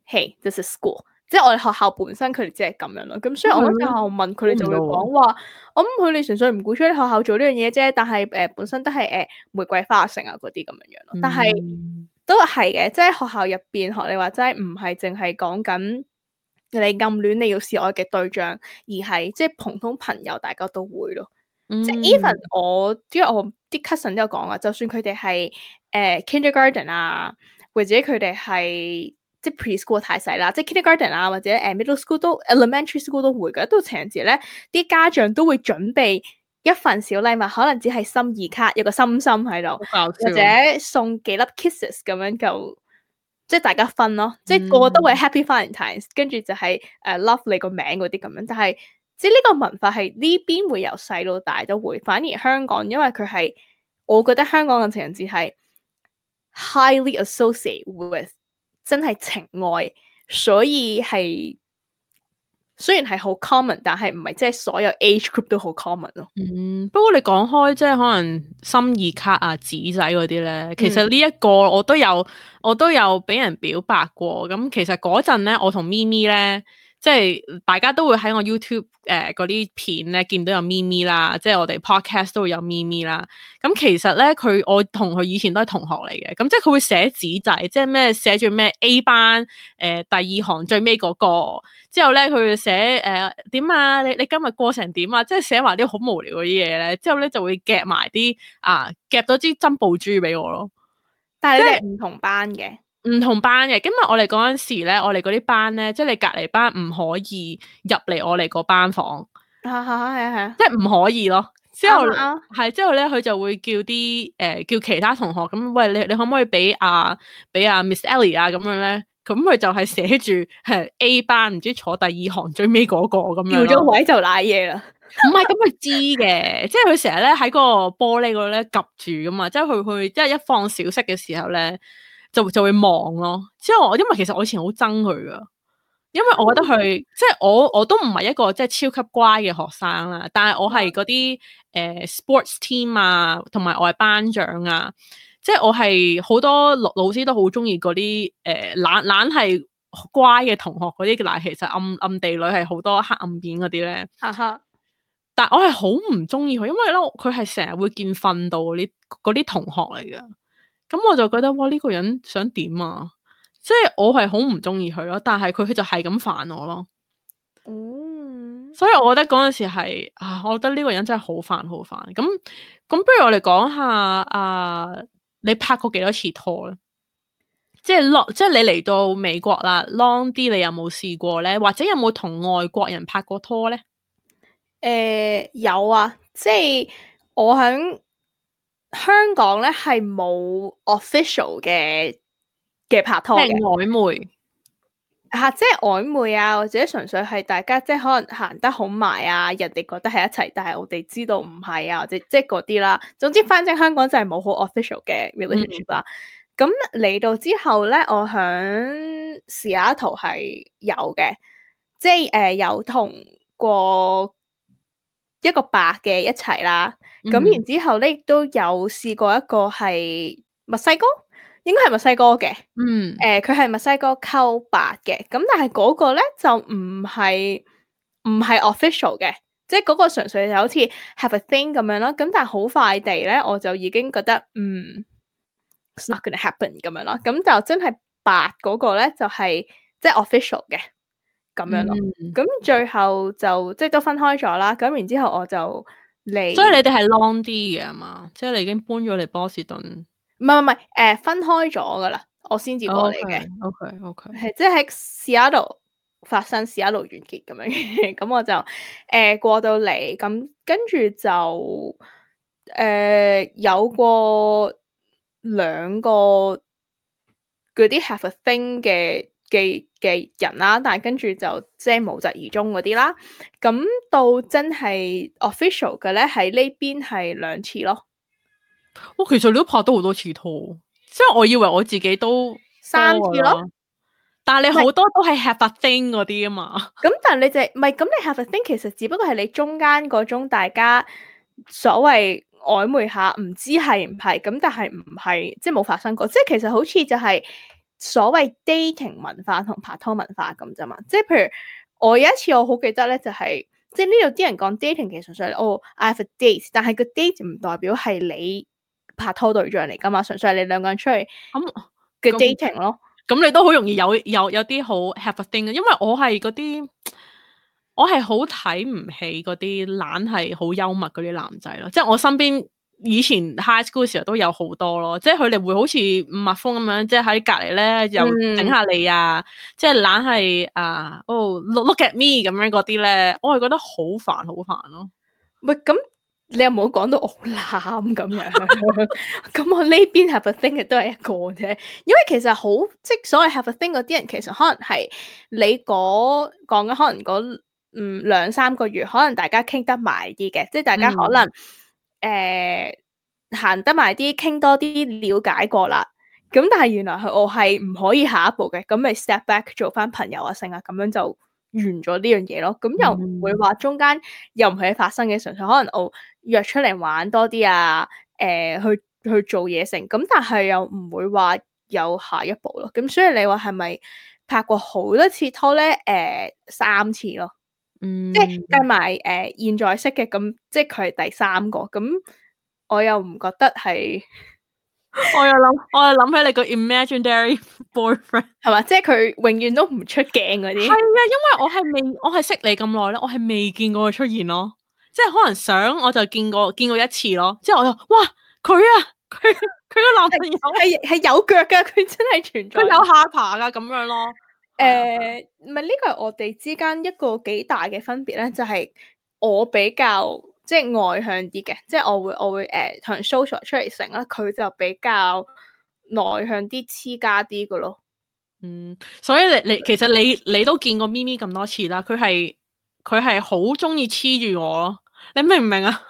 ，Hey，this is school，即係我哋學校本身佢哋即係咁樣咯，咁的所以我喺學校問佢哋就會講話，咁佢哋純粹唔顧住喺學校做呢樣嘢啫，但係誒、呃、本身都係誒、呃、玫瑰花城啊嗰啲咁樣樣咯，嗯、但係都係嘅，即係學校入邊學你話齋唔係淨係講緊你暗戀你要示愛嘅對象，而係即係普通朋友大家都會咯。嗯、即係 even 我，因為我啲 cousin 都有講啊，就算佢哋係誒、呃、kindergarten 啊，或者佢哋係即係 preschool 太細啦，即係 kindergarten 啊，或者誒、呃、middle school 都 elementary school 都會嘅，一到情人節咧，啲家長都會準備一份小禮物，可能只係心意卡，有個心心喺度，或者送幾粒 kisses 咁樣就，就即係大家分咯，嗯、即係個個都會 happy valentine，跟住就係、是、誒、uh, love 你個名嗰啲咁樣，但係。即係呢個文化係呢邊會由細到大都會，反而香港因為佢係，我覺得香港嘅情人節係 highly associate with 真係情愛，所以係雖然係好 common，但係唔係即係所有 age group 都好 common 咯。嗯，不過你講開即係可能心意卡啊紙仔嗰啲咧，其實呢一個我都有，嗯、我都有俾人表白過。咁其實嗰陣咧，我同咪咪咧。即係大家都會喺我 YouTube 誒、呃、嗰啲片咧，見到有咪咪啦。即係我哋 podcast 都會有咪咪啦。咁、嗯、其實咧，佢我同佢以前都係同學嚟嘅。咁即係佢會寫紙仔，即係咩寫住咩 A 班誒、呃、第二行最尾嗰、那個之後咧，佢寫誒點啊？你你今日過成點啊？即係寫埋啲好無聊嗰啲嘢咧。之後咧就會夾埋啲啊夾到支珍寶珠俾我咯。但係你哋唔同班嘅。唔同班嘅，今日我哋嗰陣時咧，我哋嗰啲班咧，即係你隔籬班唔可以入嚟我哋個班房，係啊係啊， [music] 即係唔可以咯。之後係 [music] 之後咧，佢就會叫啲誒、呃、叫其他同學，咁、嗯、喂你你可唔可以俾阿俾阿 Miss Ellie 啊咁樣咧？咁佢就係寫住係 A 班，唔知坐第二行最尾嗰個咁樣。調咗位就瀨嘢啦，唔係咁佢知嘅，即係佢成日咧喺嗰個玻璃嗰度咧夾住噶嘛，即係佢去即係一放小息嘅時候咧。就就會望咯，之後我因為其實我以前好憎佢噶，因為我覺得佢即係我我都唔係一個即係超級乖嘅學生啦，但係我係嗰啲誒 sports team 啊，同埋我係班長啊，即係我係好多老老師都好中意嗰啲誒懶懶係乖嘅同學嗰啲，嗱其實暗暗地裏係好多黑暗面嗰啲咧。嚇嚇！但係我係好唔中意佢，因為咧佢係成日會見訓導啲嗰啲同學嚟噶。咁、嗯、我就覺得哇，呢、呢個人想點啊！即係我係好唔中意佢咯，但係佢佢就係咁煩我咯。哦，所以我覺得嗰陣時係啊，我覺得呢個人真係好煩好煩。咁咁，不如我哋講下啊，你拍過幾多次拖咧？即係 long，即係你嚟到美國啦，long 啲你有冇試過咧？或者有冇同外國人拍過拖咧？誒、呃，有啊，即係我喺香港咧係冇 official 嘅嘅拍拖嘅，曖昧吓、啊，即係曖昧啊，或者純粹係大家即係可能行得好埋啊，人哋覺得係一齊，但係我哋知道唔係啊，或者即係嗰啲啦。總之，反正香港就係冇好 official 嘅 relationship 啦。咁嚟、嗯、到之後咧，我響西雅圖係有嘅，即係誒、呃、有同過一個白嘅一齊啦。咁、嗯、然之後咧，亦都有試過一個係墨西哥，應該係墨西哥嘅、嗯呃。嗯。誒，佢係墨西哥溝白嘅。咁但係嗰個咧就唔係唔係 official 嘅，即係嗰個純粹就好似 have a thing 咁樣啦。咁但係好快地咧，我就已經覺得嗯，it's not going to happen 咁樣咯。咁、嗯、就真係白嗰個咧就係、是、即係 official 嘅咁樣咯。咁、嗯、最後就即係都分開咗啦。咁然之後我就。你所以你哋係 long 啲嘅啊嘛，即係你已經搬咗嚟波士頓，唔係唔係，誒、呃、分開咗噶啦，我先至過嚟嘅。O K O K，係即係喺 Seattle 發生，Seattle 完結咁樣，咁我就誒、呃、過到嚟，咁跟住就誒、呃、有過兩個嗰啲 have a thing 嘅。嘅嘅人啦、啊，但係跟住就即係無疾而終嗰啲啦。咁到真係 official 嘅咧，喺呢邊係兩次咯。我、哦、其實你都拍到好多次拖，即係我以為我自己都三次咯。但係你好多都係 have a thing 嗰啲啊嘛。咁但係你就唔係咁？你 have a thing 其實只不過係你中間嗰種大家所謂曖昧下，唔知係唔係咁，但係唔係即係冇發生過。即係其實好似就係、是。所謂 dating 文化同拍拖文化咁啫嘛，即係譬如我有一次我好記得咧，就係、是、即係呢度啲人講 dating 其實純粹哦、oh，I have a date，但係個 date 唔代表係你拍拖對象嚟㗎嘛，純粹係你兩個人出去咁嘅 dating 咯。咁、嗯嗯嗯嗯嗯、你都好容易有有有啲好 have a thing，因為我係嗰啲我係好睇唔起嗰啲懶係好幽默嗰啲男仔咯，即係我身邊。以前 high school 時候都有好多咯，即係佢哋會好似蜜蜂咁樣，即係喺隔離咧又整下你啊，嗯、即係懶係啊，哦 look look at me 咁樣嗰啲咧，我係覺得好煩好煩咯。喂，係咁，你又冇講到我好攬咁樣，咁我呢邊 have a thing 嘅都係一個啫。因為其實好即係所謂 have a thing 嗰啲人，其實可能係你嗰講緊可能嗰嗯兩三個月，可能大家傾得埋啲嘅，即係大家可能、嗯。誒，行得埋啲，傾多啲，了解過啦。咁但係原來係我係唔可以下一步嘅，咁咪 step back 做翻朋友啊，成啊，咁樣就完咗呢樣嘢咯。咁、嗯、又唔會話中間又唔係發生嘅，純粹可能我約出嚟玩多啲啊，誒、呃，去去做嘢成。咁但係又唔會話有下一步咯。咁所以你話係咪拍過好多次拖咧？誒、呃，三次咯。即係計埋誒，嗯、現在識嘅咁，即係佢係第三個咁， [laughs] 我又唔覺得係，我又諗，我又諗起你個 imaginary boyfriend 係嘛？即係佢永遠都唔出鏡嗰啲。係啊，因為我係未，我係識你咁耐咧，我係未見過佢出現咯。即係可能想，我就見過見過一次咯。之後我又，哇，佢啊，佢佢個男朋友係係有腳嘅，佢真係存在。佢有下巴噶咁樣咯。誒，唔係，呢個係我哋之間一個幾大嘅分別咧，就係、是、我比較即係外向啲嘅，即係我會我會誒同 social 出嚟，成啦，佢就比較內向啲黐家啲嘅咯。嗯，所以你你其實你你都見過咪咪咁多次啦，佢係佢係好中意黐住我咯，你明唔明啊？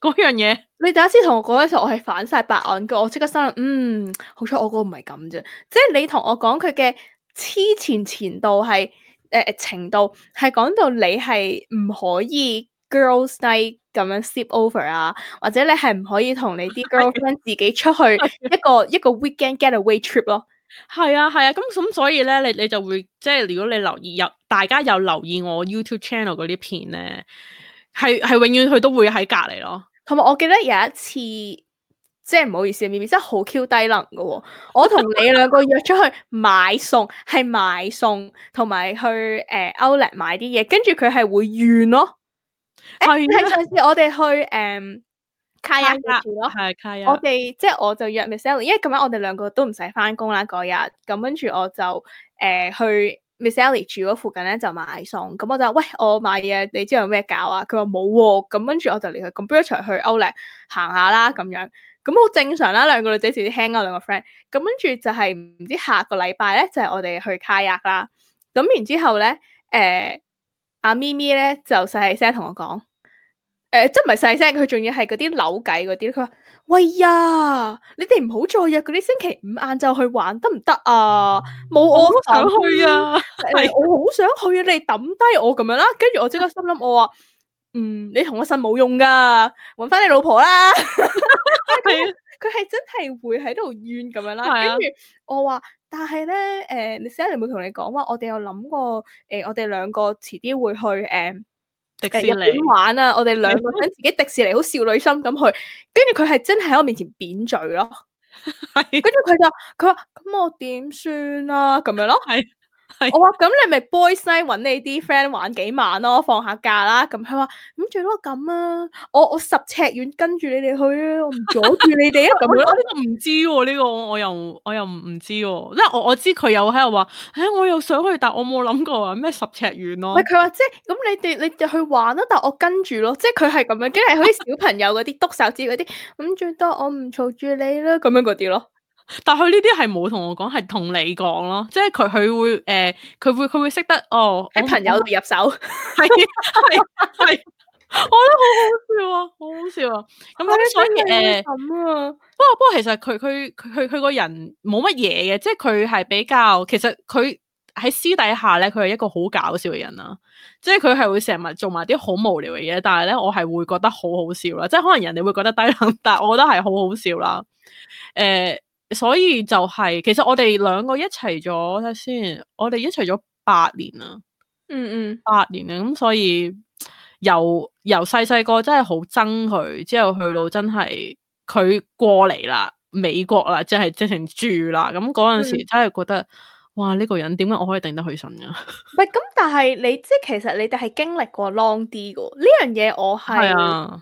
嗰 [laughs] 樣嘢，你第一次同我講嗰時候，我係反晒白眼嘅，我即刻心諗，嗯，好彩我個唔係咁啫。即係你同我講佢嘅。黐前錢到係誒程度係講、呃、到你係唔可以 girls night 咁樣 sleep over 啊，或者你係唔可以同你啲 girlfriend 自己出去一個 [laughs] 一個 weekend getaway trip 咯。係啊係啊，咁咁、啊嗯、所以咧，你你就會即係如果你留意有大家有留意我 YouTube channel 嗰啲片咧，係係永遠佢都會喺隔離咯。同埋我記得有一次。即係唔好意思，咪咪真係好 Q 低能噶喎、哦！我同你兩個約出去買餸，係 [laughs] 買餸同埋去誒 Outlet 買啲嘢，跟住佢係會怨咯。係、 [laughs] 哎、上次我哋去誒卡亞住咯了，係卡亞。我哋即係我就約 Miss Ellie 因為咁樣我哋兩個都唔使翻工，啦嗰日。咁跟住我就誒、呃、去 Miss Ellie 住嗰附近咧，就買餸。咁我就喂，我買嘢，你之後有咩搞啊？佢話冇喎。咁跟住我就嚟去咁，不如一齊去 Outlet 行下啦咁樣。咁好、嗯、正常啦，兩個女仔自己 hang 啊，兩個 friend。咁跟住就係、是、唔知下個禮拜咧，就係、是、我哋去卡雅啦。咁然之後咧，誒、呃、阿、啊、咪咪咧就細細聲同我講，誒即係唔係細聲，佢仲要係嗰啲扭計嗰啲。佢話：喂呀，你哋唔好再約嗰啲星期五晏晝去玩得唔得啊？冇，我都想去啊，係我好想去啊，我想去你抌低我咁樣啦。跟住我即刻心諗，我話。嗯，你同我呻冇用噶，揾翻你老婆啦。佢佢係真係會喺度怨咁樣啦，跟住、啊、我話，但係咧，誒、呃，你先一定會同你講話，我哋有諗過，誒、呃，我哋兩個遲啲會去誒，呃、迪士尼玩啊，我哋兩個想自己迪士尼好少女心咁去，跟住佢係真係喺我面前扁嘴咯，係，跟住佢就佢話，咁我點算啊？咁 [laughs] [laughs] 樣咯，係。 [music] 我話咁你咪 boys night 揾你啲 friend 玩幾晚咯，放下假啦。咁佢話，咁最多咁啊，我我十尺遠跟住你哋去啊，我唔阻住你哋啊。咁樣呢個唔知喎，呢個我又我又唔唔知喎、啊。即係我我知佢又喺度話，哎、欸，我又想去，但我冇諗過咩十尺遠咯。佢話即係咁，你哋你哋去玩啦，但我跟住咯，即係佢係咁樣，即係好似小朋友嗰啲督手指嗰啲。咁最多我唔嘈住你啦，咁樣嗰啲咯。但佢呢啲係冇同我講，係同你講咯，即係佢佢會誒，佢、呃、會佢會，會識得哦，喺朋友入手， [laughs] [laughs] 係係係，我覺得好好，好笑啊，好好笑啊。咁、嗯、咁所以誒，咁、哎、啊、呃，不過不過其實佢佢佢佢個人冇乜嘢嘅，即係佢係比較，其實佢喺私底下咧，佢係一個好搞笑嘅人啊。即係佢係會成日做埋啲好無聊嘅嘢，但係咧我係會覺得好好笑啦，即係可能人哋會覺得低能，但係我覺得係好好笑啦，誒、呃。所以就係、是，其實我哋兩個一齊咗睇下先，我哋一齊咗八年啦，嗯嗯，八年啦，咁所以由由細細個真係好憎佢，之後去到真係佢、嗯、過嚟啦，美國啦，即係直情住啦，咁嗰陣時真係覺得，嗯、哇呢、這個人點解我可以定頂得佢順噶？喂，咁但係你即係其實你哋係經歷過 long 啲噶，呢樣嘢我係。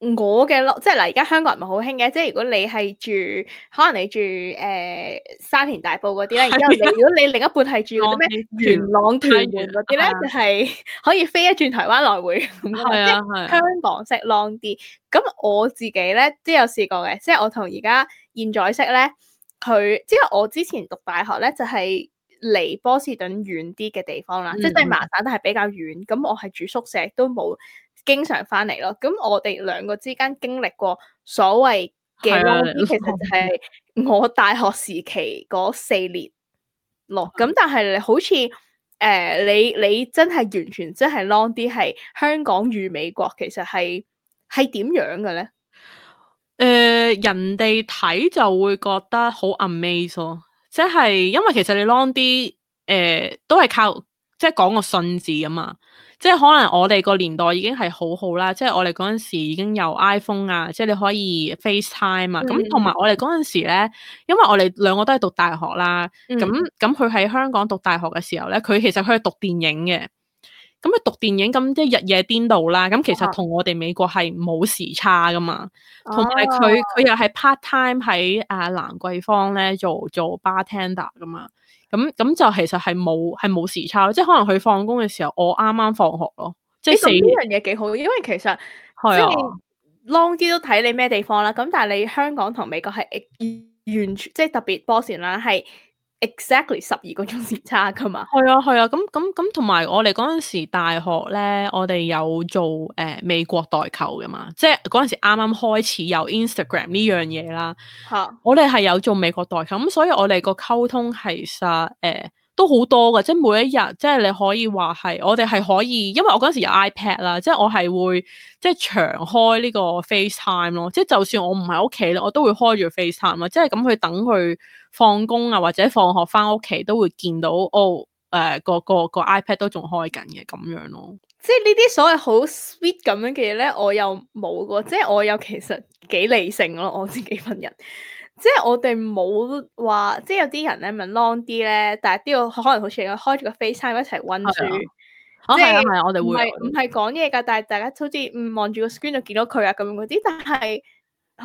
我嘅咯，即係嗱，而家香港人咪好興嘅，即係如果你係住，可能你住誒沙田大埔嗰啲咧，的然之後如果你另一半係住嗰啲咩元朗屯門、太和嗰啲咧，就係可以飛一轉台灣來回，的即係香港式 long 啲。咁我自己咧都有試過嘅，即係我同而家現在識咧，佢，即係我之前讀大學咧就係、是、離波士頓遠啲嘅地方啦，即係對麻省都係比較遠，咁我係住宿舍都冇。經常翻嚟咯，咁我哋兩個之間經歷過所謂嘅 long 啲，其實就係我大學時期嗰四年咯。咁、嗯、但係好似誒、呃、你你真係完全真係 long 啲係香港與美國，其實係係點樣嘅咧？誒、呃、人哋睇就會覺得好 amazed 咯，即、就、係、是、因為其實你 long 啲誒都係靠即係講個信字啊嘛。即係可能我哋個年代已經係好好啦，即係我哋嗰陣時已經有 iPhone 啊，即係你可以 FaceTime 啊，咁同埋我哋嗰陣時咧，因為我哋兩個都係讀大學啦，咁咁佢喺香港讀大學嘅時候咧，佢其實佢係讀電影嘅。咁佢、嗯、讀電影咁即係日夜顛倒啦。咁其實同我哋美國係冇時差噶嘛。同埋佢佢又係 part time 喺啊蘭桂坊咧做做 bartender 噶嘛。咁咁就其實係冇係冇時差，即係可能佢放工嘅時候，我啱啱放學咯。即係呢樣嘢幾好，因為其實即係 long 啲都睇你咩地方啦。咁但係你香港同美國係完全即係特別多船啦，係。Exactly 十二個鐘時差㗎嘛？係 [laughs] 啊，係啊，咁咁咁，同埋我哋嗰陣時大學咧，我哋有做誒、呃、美國代購㗎嘛，即係嗰陣時啱啱開始有 Instagram 呢樣嘢啦。嚇！ [laughs] 我哋係有做美國代購，咁所以我哋個溝通其實誒都好多㗎，即係每一日，即係你可以話係我哋係可以，因為我嗰陣時有 iPad 啦，即係我係會即係長開呢個 FaceTime 咯，即係就算我唔喺屋企咧，我都會開住 FaceTime 咯，即係咁去等佢。放工啊，或者放學翻屋企都會見到哦，誒、呃，個個個 iPad 都仲開緊嘅咁樣咯。即係呢啲所謂好 sweet 咁樣嘅嘢咧，我又冇噶，即係我又其實幾理性咯，我自己份人。即係我哋冇話，即係有啲人咧咪 long 啲咧，但係都要可能好似開住個 FaceTime 一齊溫書。啊，係係即、啊啊啊啊、我哋會唔係講嘢噶，但係大家好似嗯，望住個 screen 就見到佢啊，咁樣嗰啲。但係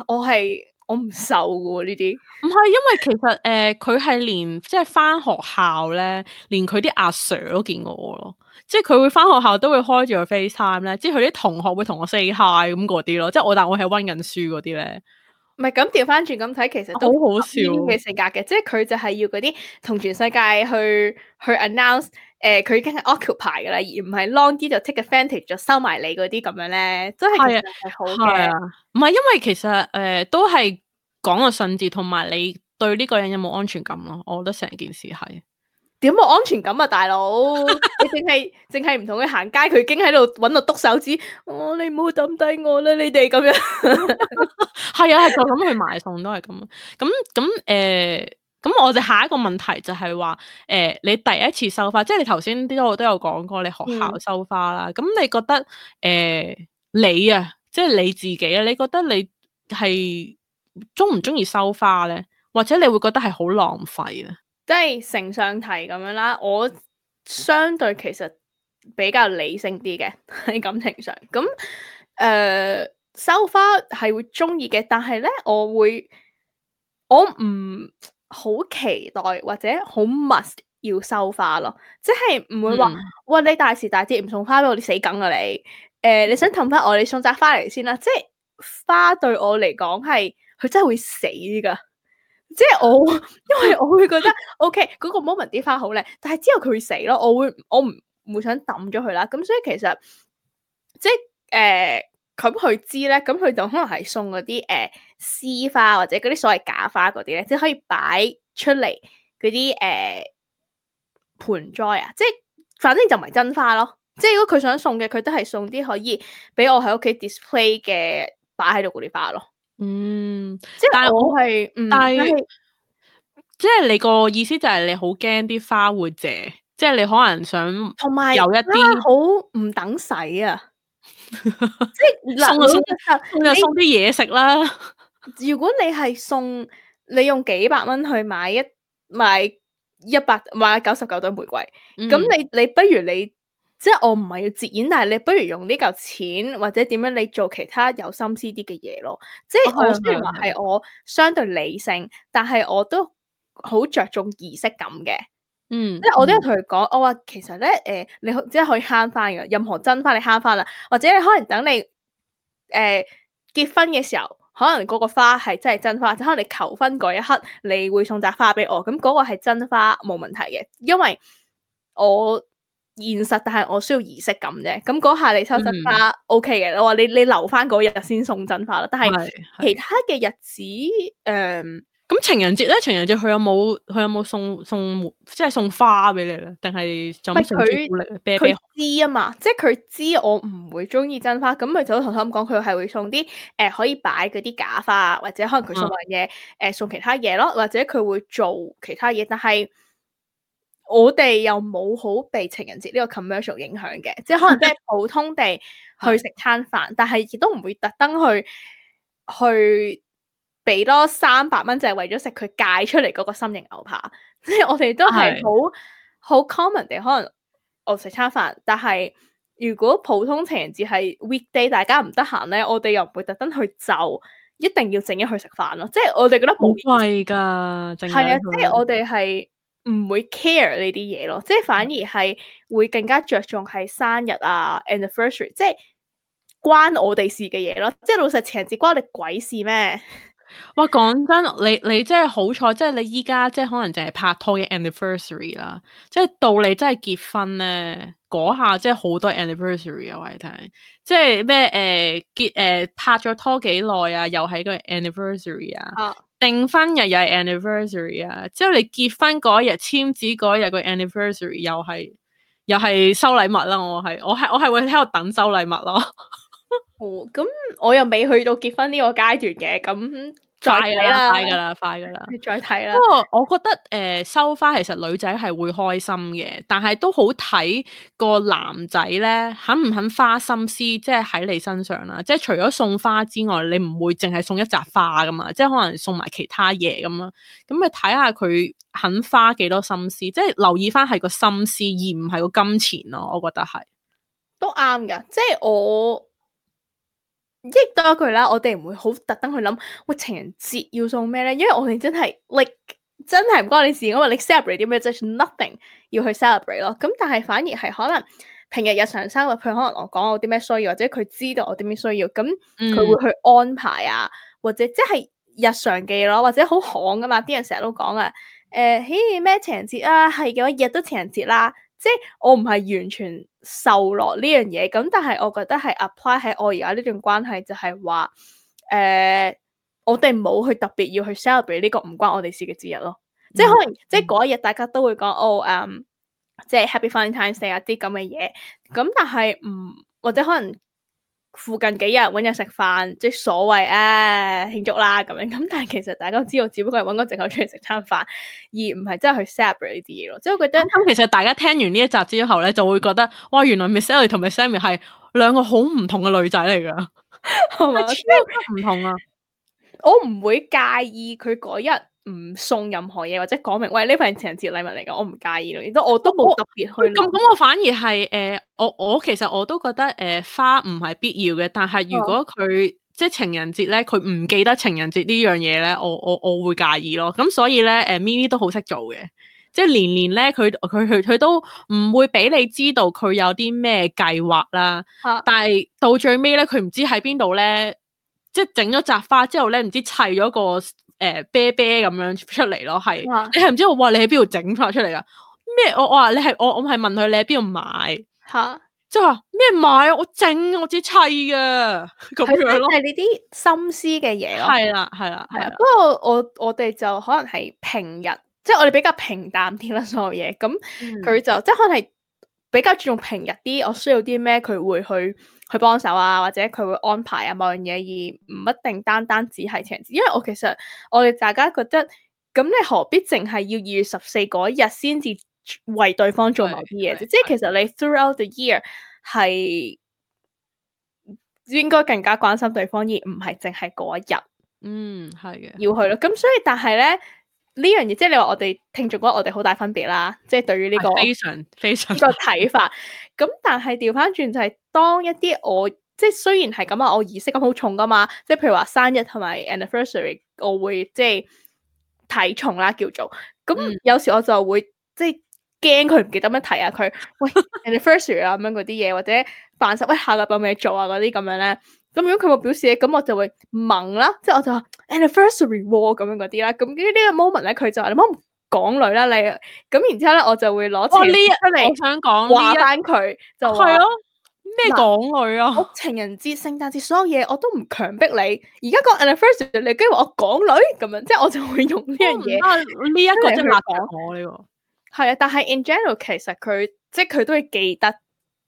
我係。我唔受噶喎呢啲，唔係因為其實誒，佢、呃、係連即係翻學校咧，連佢啲阿 Sir 都見過我咯，即係佢會翻學校都會開住個 FaceTime 咧，即係佢啲同學會同我 say hi 咁嗰啲咯，即係我但我係溫緊書嗰啲咧，唔係咁調翻轉咁睇，其實都好笑嘅性格嘅，即係佢就係要嗰啲同全世界去去 announce。誒、佢、呃、已經係 occupy 嘅啦，而唔係 long 啲就 take advantage 就收埋你嗰啲咁樣咧，真係係好嘅。唔係因為其實誒、呃、都係講個信字，同埋你對呢個人有冇安全感咯？我覺得成件事係。點冇安全感啊，大佬！你淨係淨係唔同佢行街，佢已經喺度搵我篤手指。Oh, 你我你唔好抌低我啦，你哋咁樣係啊，係就咁去埋送都係咁。咁咁誒。咁我哋下一個問題就係話，誒、呃，你第一次收花，即係你頭先啲我都有講過，你學校收花啦。咁、嗯、你覺得，誒、呃，你啊，即係你自己啊，你覺得你係中唔中意收花咧？或者你會覺得係好浪費啊？即係成上題咁樣啦。我相對其實比較理性啲嘅，喺感情上，咁誒、呃，收花係會中意嘅，但係咧，我會，我唔。好期待或者好 must 要收花咯，即係唔會話，嗯、哇！你大時大節唔送花俾我，你死梗啊你！誒、呃，你想氹翻我，你送扎花嚟先啦。即係花對我嚟講係，佢真係會死噶。即係我，因為我會覺得 [laughs] OK，嗰個 moment 啲花好靚，但係之後佢會死咯。我會，我唔會想抌咗佢啦。咁所以其實即係誒，咁、呃、佢知咧，咁佢就可能係送嗰啲誒。呃絲花或者嗰啲所謂假花嗰啲咧，即係可以擺出嚟嗰啲誒盆栽啊，即係反正就唔係真花咯。即係如果佢想送嘅，佢都係送啲可以俾我喺屋企 display 嘅擺喺度嗰啲花咯。嗯，即係但係我係、嗯，但係即係你個意思就係你好驚啲花會謝，即、就、係、是、你可能想同埋有一啲好唔等使啊，即係、就是、送，送你就送啲嘢食啦。如果你係送你用幾百蚊去買一買一百買一九十九朵玫瑰，咁、嗯、你你不如你即係我唔係要節儉，但係你不如用呢嚿錢或者點樣你做其他有心思啲嘅嘢咯。即係我雖然話係我相對理性，但係我都好着重儀式感嘅。嗯，即係我都有同佢講，我話其實咧，誒、呃，你即係可以慳翻嘅，任何真翻你慳翻啦，或者你可能等你誒、呃、結婚嘅時候。可能嗰個花係真係真花，就可能你求婚嗰一刻，你會送扎花俾我，咁嗰個係真花冇問題嘅，因為我現實，但係我需要儀式感啫。咁嗰下你收真花 OK 嘅，我話你你留翻嗰日先送真花啦，但係其他嘅日子，嗯。咁情人節咧，情人節佢有冇佢有冇送送，送即係送花俾你咧？定係有咩送，佢知啊嘛，即係佢知我唔會中意真花，咁佢就同頭咁講，佢係會送啲誒、呃、可以擺嗰啲假花，或者可能佢送樣嘢，誒、嗯呃、送其他嘢咯，或者佢會做其他嘢。但係我哋又冇好被情人節呢個 commercial 影響嘅，即係可能即係普通地去食餐飯， [laughs] 但係亦都唔會特登去去。去俾多三百蚊就係為咗食佢介出嚟嗰個心形牛扒，即係我哋都係好好 common 地可能我食餐飯，但係如果普通情人節係 weekday，大家唔得閒咧，我哋又唔會特登去就，一定要整一去食飯咯。即係我哋覺得好貴噶，係啊，即係我哋係唔會 care 呢啲嘢咯，即係反而係會更加着重係生日啊，anniversary，即係關我哋事嘅嘢咯。即係老實，情人節關你鬼事咩？哇，講真，你你真係好彩，即係你依家即係可能淨係拍拖嘅 anniversary 啦，即係到你真係結婚咧嗰下 iversary，即係好、呃呃、多 anniversary 我話睇，即係咩誒結誒拍咗拖幾耐啊，又係個 anniversary 啊，訂、啊、婚日又係 anniversary 啊，之後你結婚嗰一日簽字嗰日個 anniversary 又係又係收禮物啦，我係我係我係會喺度等收禮物咯。 [laughs] 哦，咁我又未去到結婚呢個階段嘅，咁。再快噶啦，快噶啦，快噶啦！你再睇啦。不過我覺得誒，收、呃、花其實女仔係會開心嘅，但係都好睇個男仔咧肯唔肯花心思，即係喺你身上啦。即係除咗送花之外，你唔會淨係送一扎花噶嘛，即係可能送埋其他嘢咁啦。咁你睇下佢肯花幾多心思，即係留意翻係個心思而唔係個金錢咯、啊。我覺得係都啱噶，即係我。益多一句啦，我哋唔會好特登去諗，喂情人節要送咩咧？因為我哋真係 l、like, 真係唔關你事，我話你 celebrate 啲咩啫，算 nothing，要去 celebrate 咯。咁但係反而係可能平日日常生活，佢可能我講我啲咩需要，或者佢知道我啲咩需要，咁佢會去安排啊，嗯、或者即係日常嘅嘢咯，或者好巷噶嘛，啲人成日都講啊，誒、呃，嘿咩情人節啊，係嘅話日都情人節啦、啊。即係我唔係完全受落呢樣嘢，咁但係我覺得係 apply 喺我而家呢段關係就係話，誒、呃，我哋冇去特別要去 celebrate 呢個唔關我哋事嘅節日咯，即係可能、mm hmm. 即係嗰一日大家都會講哦，嗯、um,，即係 Happy Valentine's Day，一啲咁嘅嘢，咁但係唔或者可能。附近幾日揾日食飯，即係所謂誒、啊、慶祝啦咁樣。咁但係其實大家都知道，只不過係揾個藉口出嚟食餐飯，而唔係真係去 celebrate 呢啲嘢咯。即係我覺得，咁其實大家聽完呢一集之後咧，就會覺得哇，原來 Michelle 同 Sammy 係兩個好唔同嘅女仔嚟㗎，係咪？ [laughs] 唔同 [laughs] 啊！ [laughs] 我唔會介意佢嗰日。唔送任何嘢，或者講明，喂，呢份情人節禮物嚟㗎，我唔介意咯。亦都我都冇特別去。咁咁，我反而係誒、呃，我我其實我都覺得誒、呃、花唔係必要嘅。但係如果佢、哦、即係情人節咧，佢唔記得情人節呢樣嘢咧，我我我會介意咯。咁所以咧，誒 Mimi 都好識做嘅，即係年年咧，佢佢佢佢都唔會俾你知道佢有啲咩計劃啦。啊、但係到最尾咧，佢唔知喺邊度咧，即係整咗扎花之後咧，唔知砌咗個。誒、呃，啤啤咁樣出嚟咯，係哇你係唔知道哇，我話你喺邊度整返出嚟噶？咩我我你係我我係問佢你喺邊度買？吓哈，即係話咩買啊？我整，我自己砌噶，咁樣咯。係係呢啲心思嘅嘢咯。係啦，係啦，係啦。不過我我哋就可能係平日，即、就、係、是、我哋比較平淡啲啦，所有嘢。咁佢就、嗯、即係可能係比較注重平日啲，我需要啲咩佢會去去幫手啊，或者佢會安排啊某樣嘢，而唔一定單單只係情人節。因為我其實我哋大家覺得，咁你何必淨係要二月十四嗰日先至為對方做某啲嘢？即係其實你 throughout the year 係應該更加關心對方，而是是，而唔係淨係嗰一日。嗯，係嘅，要去咯。咁所以但係咧。呢樣嘢，即係你話我哋聽眾覺得我哋好大分別啦。即係對於呢、這個非常非常個睇法。咁但係調翻轉就係當一啲我即係雖然係咁啊，我儀式咁好重噶嘛。即係譬如話生日同埋 anniversary，我會即係睇重啦叫做。咁有時我就會即係驚佢唔記得樣提啊佢，喂 [laughs] anniversary 啊咁樣嗰啲嘢，或者扮實喂下禮拜有咩做啊嗰啲咁樣咧。咁如果佢冇表示，咁我就會問啦，即係我就話 anniversary 喎，咁樣嗰啲啦，咁呢呢個 moment 咧，佢就話你冇港女啦，你咁然之後咧，我就會攞錢出嚟。我想講呢單佢就係咯，咩港女啊？情人節、聖誕節所有嘢，我都唔強迫你。而家個 anniversary，你跟住我港女咁樣，即係我就會用呢樣嘢。呢一個係話講我呢、這個係啊，但係 in general 其實佢即係佢都會記得誒，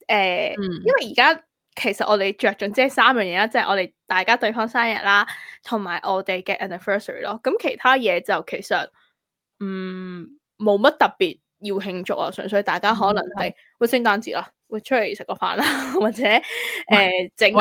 呃嗯、因為而家。其實我哋着重即係三樣嘢啦，即係我哋大家對方生日啦、啊，同埋我哋嘅 anniversary 咯、啊。咁其他嘢就其實嗯冇乜特別要慶祝啊，純粹大家可能係個聖誕節咯、啊。會出嚟食個飯啦，或者誒喂、呃、整個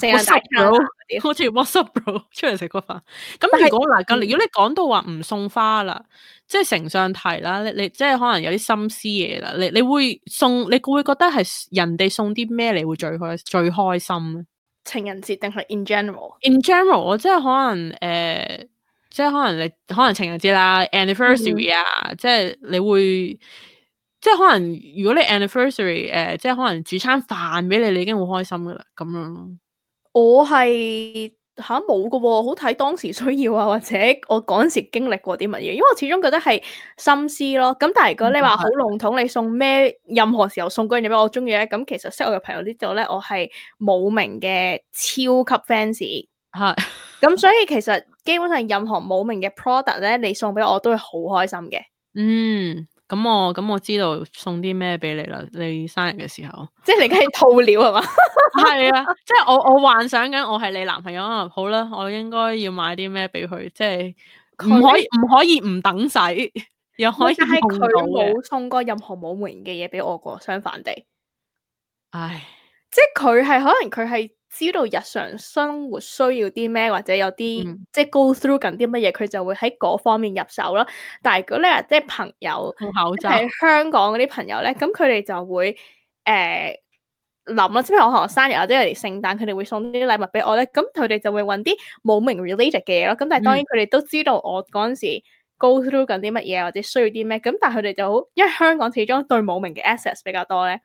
成日食家啲，似我 WhatsApp group 出嚟食個飯。咁如果嗱咁，是如果你講到話唔送花啦，嗯、即係成上題啦，你你即係可能有啲心思嘢啦，你你會送，你會覺得係人哋送啲咩你會最開最開心？情人節定係 in general？in general，我 general，即係可能誒、呃，即係可能你可能情人節啦，anniversary 啊，嗯、即係你會。即係可能如果你 anniversary 誒、呃，即係可能煮餐飯俾你，你已經好開心噶啦，咁樣咯。我係吓冇噶喎，好睇當時需要啊，或者我嗰陣時經歷過啲乜嘢，因為我始終覺得係心思咯。咁但係如果你話好籠統，你送咩任何時候送嗰樣嘢俾我中意咧，咁其實識我嘅朋友呢度咧，我係冇名嘅超級 fans，係咁所以其實基本上任何冇名嘅 product 咧，你送俾我都會好開心嘅，嗯。咁我咁我知道送啲咩俾你啦，你生日嘅時候，即係你梗係套料係嘛？係啊， [laughs] 即係我我幻想緊我係你男朋友啊，好啦，我應該要買啲咩俾佢，即係唔可以唔可以唔等使，又可以。但係佢冇送過任何冇名嘅嘢俾我過，相反地，唉，即係佢係可能佢係。知道日常生活需要啲咩，或者有啲、嗯、即係 go through 緊啲乜嘢，佢就會喺嗰方面入手咯。但係嗰啲即係朋友係香港嗰啲朋友咧，咁佢哋就會誒諗啦，即係我可能生日或者有啲聖誕，佢哋會送啲禮物俾我咧。咁佢哋就會揾啲冇名 related 嘅嘢咯。咁但係當然佢哋都知道我嗰陣時 go through 緊啲乜嘢或者需要啲咩。咁但係佢哋就好，因為香港始終對冇名嘅 assets 比較多咧。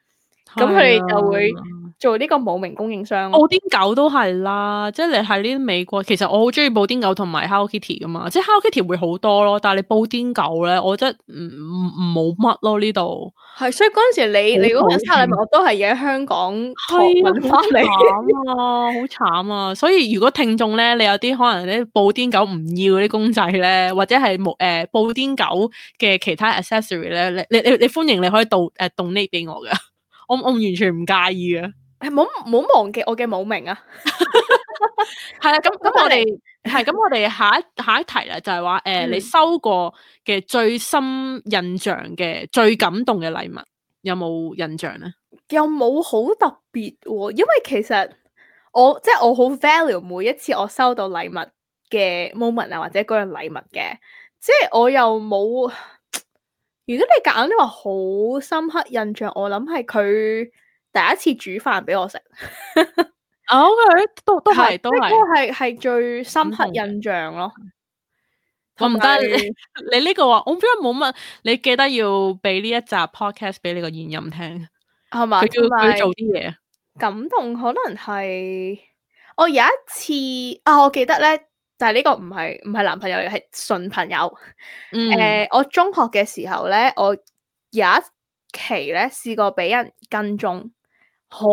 咁佢哋就會做呢個無名供應商。啊、布丁狗都係啦，即係你喺呢啲美國，其實我好中意布丁狗同埋 Hello Kitty 噶嘛，即係 Hello Kitty 會好多咯。但係你布丁狗咧，我真唔唔唔冇乜咯呢度。係，所以嗰陣時你你嗰份拆禮物都係喺香港推翻嚟啊，好慘啊，啊！所以如果聽眾咧，你有啲可能你布丁狗唔要嗰啲公仔咧，或者係木誒布丁狗嘅其他 accessory 咧，你你你你，你，你歡迎你可以度誒 donate 俾我噶。我我完全唔介意啊！唔好唔好忘記我嘅冇名啊！係啦，咁咁我哋係咁我哋下一下一題啦，就係話誒，你收過嘅最深印象嘅最感動嘅禮物有冇印象咧？有冇好特別？因為其實我即係我好 value 每一次我收到禮物嘅 moment 啊，或者嗰樣禮物嘅，即係我又冇。如果你揀呢個話好深刻印象，我諗係佢第一次煮飯俾我食。啊都都係，都係，都係最深刻印象咯。我唔得有 [laughs] 你呢個話，我真係冇乜。你記得要俾呢一集 podcast 俾你個現任聽，係嘛？佢佢做啲嘢，感動可能係我有一次啊，我記得咧。但係呢個唔係唔係男朋友，係純朋友。誒、嗯呃，我中學嘅時候咧，我有一期咧試過俾人跟蹤，好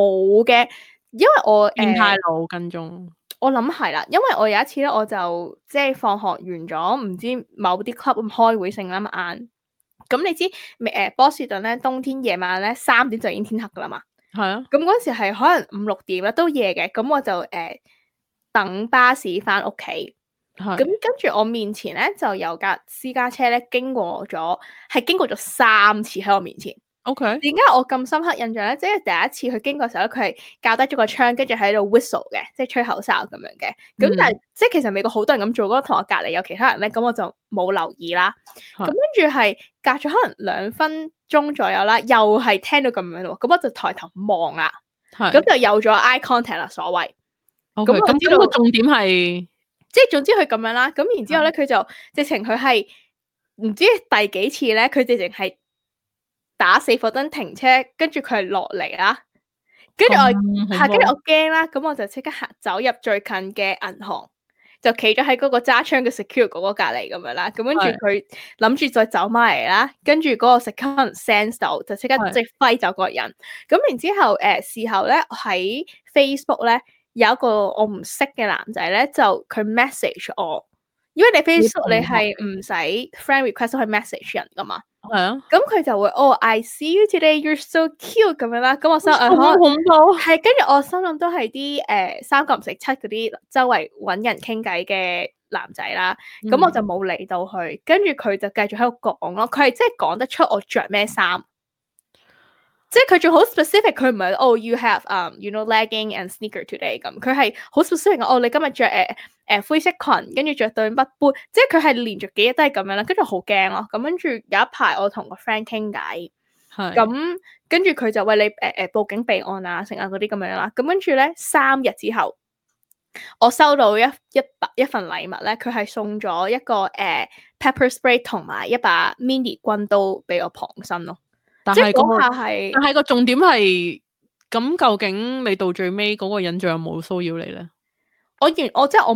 嘅，因為我變態佬跟蹤。我諗係啦，因為我有一次咧，我就即係放學完咗，唔知某啲 club 開會性啦嘛晏。咁、嗯、你知誒波士頓咧，冬天夜晚咧三點就已經天黑噶啦嘛。係啊。咁嗰時係可能五六點啦，都夜嘅。咁我就誒、呃、等巴士翻屋企。咁跟住我面前咧，就有架私家車咧經過咗，係經過咗三次喺我面前。O K. 點解我咁深刻印象咧？即係第一次佢經過時候咧，佢係較低咗個窗，跟住喺度 whistle 嘅，即係吹口哨咁樣嘅。咁但係即係其實美國好多人咁做，嗰個同我隔離有其他人咧，咁我就冇留意啦。咁跟住係隔咗可能兩分鐘左右啦，又係聽到咁樣咯。咁我就抬頭望啦，咁是就有咗 eye contact 啦，所謂 Okay,。O K. 咁呢個重點係。 [noise] 嗯即係總之佢咁樣啦，咁然之後咧佢就、嗯、直情佢係唔知第幾次咧，佢直情係打死火燈停車，跟住佢係落嚟啦，跟住我吓，跟住、嗯、我驚啦，咁我就即刻行走入最近嘅銀行，就企咗喺嗰個揸槍嘅 secure 哥哥隔籬咁樣啦，咁跟住佢諗住再走返嚟啦，跟住嗰個 secure sense 就即刻即係揮走嗰人，咁、嗯、然之後誒、呃、事後咧喺 Facebook 咧。有一個我唔識嘅男仔咧，就佢 message 我，因為你 Facebook 你係唔使 friend request 都可以 message 人噶嘛，係啊，咁佢就會哦、oh, I see，you today, you're so cute 咁樣啦，咁我心諗，係跟住我心諗都係啲誒三角唔識七嗰啲周圍揾人傾偈嘅男仔啦，咁、嗯、我就冇理到佢，跟住佢就繼續喺度講咯，佢係真係講得出我着咩衫。即係佢仲好 specific，佢唔係哦，you have um you know legging and sneaker today 咁，佢係好 specific 哦、oh,，你今日着誒誒灰色裙，跟住着對不杯，即係佢係連續幾日都係咁樣啦，跟住好驚咯。咁跟住有一排我同個 friend 傾偈，咁跟住佢就喂，你誒誒報警備案啊，成啊嗰啲咁樣啦。咁跟住咧，三日之後，我收到一一一,一份禮物咧，佢係送咗一個誒、uh, pepper spray 同埋一把 mini 軍刀俾我旁身咯、哦。但那個、即係講下係，但係個重點係，咁究竟你到最尾嗰個印象有冇騷擾你咧？我完，我即係我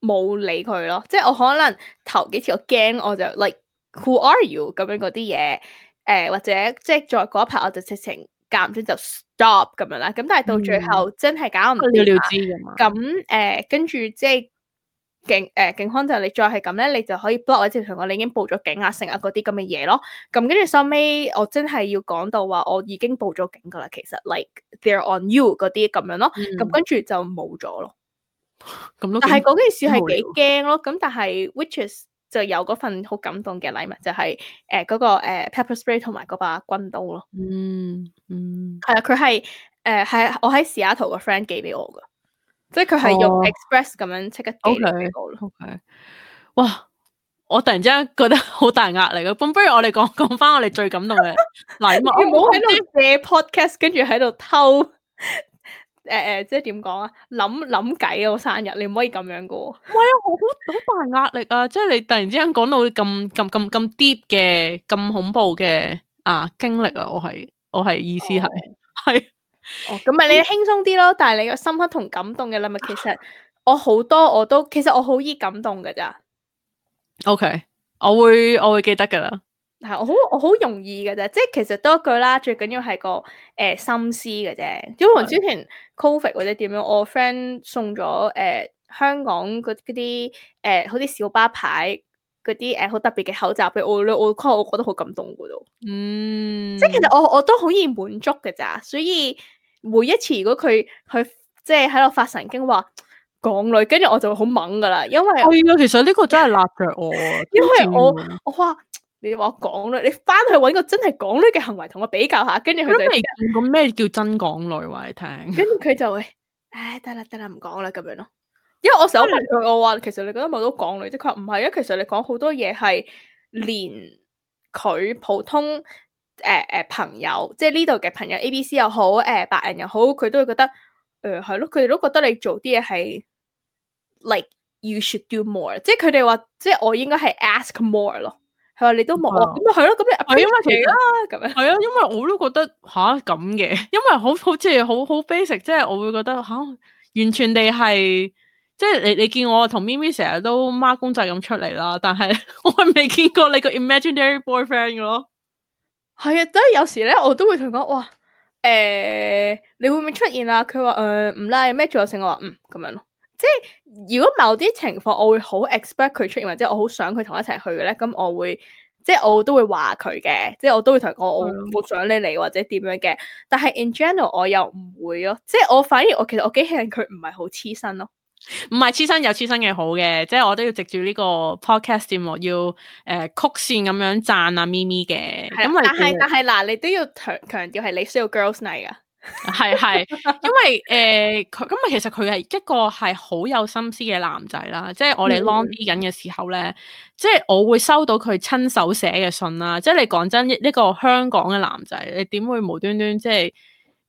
冇理佢咯。即係我可能頭幾次我驚，我就 like、嗯、who are you 咁樣嗰啲嘢，誒、呃、或者即係再過一排我就直情夾唔住就 stop 咁樣啦。咁但係到最後真係搞唔了、嗯，了之㗎嘛。咁誒跟住即係。呃警誒、呃、警方就你再係咁咧，你就可以 block 或者同我你已經報咗警啊，成啊嗰啲咁嘅嘢咯。咁跟住收尾，我真係要講到話，我已經報咗警噶啦。其實 like they're on you 嗰啲咁樣咯。咁、嗯、跟住就冇咗咯。咁咯，嗯嗯嗯、但係嗰件事係幾驚咯。咁但係 w i i c h e s 就有嗰份好感動嘅禮物，就係誒嗰個、呃、pepper spray 同埋嗰把軍刀咯。嗯嗯，係、嗯、啊，佢係誒係我喺時下圖個 friend 寄俾我噶。即係佢係用 express 咁樣即刻寄嚟個咯。好佢，哇！我突然之間覺得好大壓力啊。咁不如我哋講講翻我哋最感動嘅禮物。你唔好喺度借 podcast，跟住喺度偷誒誒，即係點講啊？諗諗計啊，我生日，你唔可以咁樣噶。唔係啊，我好好大壓力啊！即係你突然之間講到咁咁咁咁 deep 嘅，咁恐怖嘅啊經歷啊，我係我係意思係係。哦，咁咪你輕鬆啲咯， [noise] 但係你個深刻同感動嘅禮物，其實我好多我都，其實我好易感動嘅咋。O、okay. K，我會我會記得噶啦係我好我好容易噶咋，即係其實多句啦，最緊要係個誒、呃、心思嘅啫。因為之前 COVID 或者點樣，我 friend 送咗誒、呃、香港嗰啲誒，好似小巴牌嗰啲誒，好、呃、特別嘅口罩俾我我誇我，我覺得好感動噶都。嗯，即係其實我我都好易滿足嘅咋，所以。每一次如果佢佢即係喺度發神經話港女，跟住我就會好猛噶啦，因為係啊，其實呢個真係立着我。因為我我話你話港女，你翻去揾個真係港女嘅行為同我比較下，跟住佢都未見過咩叫真港女話你聽。跟住佢就會唉，得啦得啦，唔講啦咁樣咯，因為我成日問佢我話，其實你覺得冇都港女？即佢話唔係啊，其實你講好多嘢係連佢普通。誒誒、呃、朋友，即係呢度嘅朋友 A B C 又好，誒、呃、白人又好，佢都會覺得，誒係咯，佢哋都覺得你做啲嘢係 like you should do more，即係佢哋話，即係、嗯、我應該係 ask more 咯，係話、啊、你都冇咁咪係咯，咁你因為嚟啦，咁樣係啊，因為我都覺得吓，咁、啊、嘅，因為好好似好好 basic，即係我會覺得吓、啊，完全地係，即、就、係、是、你你見我同咪咪成日都孖公仔咁出嚟啦，但係我係未見過你個 imaginary boyfriend 咯。係啊，都係有時咧，我都會同佢講，哇，誒、欸，你會唔會出現啊？佢話，誒、呃，唔係咩？仲有成我話，嗯，咁樣咯。即係如果某啲情況，我會好 expect 佢出現，或者我好想佢同我一齊去嘅咧，咁我會，即係我都會話佢嘅，即係我都會同佢講，我我想你嚟或者點樣嘅。但係 in general 我又唔會咯，即係我反而我其實我幾慶幸佢唔係好黐身咯。唔係黐身有黐身嘅好嘅，即係我都要藉住呢個 podcast 節目要誒、呃、曲綫咁樣讚啊咪咪嘅。咁的為但係但係嗱，你都要強強調係你需要 girls night 啊的。係係，因為誒佢咁啊，其實佢係一個係好有心思嘅男仔啦。 [laughs] 即係我哋 long 啲緊嘅時候咧，嗯、即係我會收到佢親手寫嘅信啦。即係你講真，一、這、一個香港嘅男仔，你點會無端端，端即係？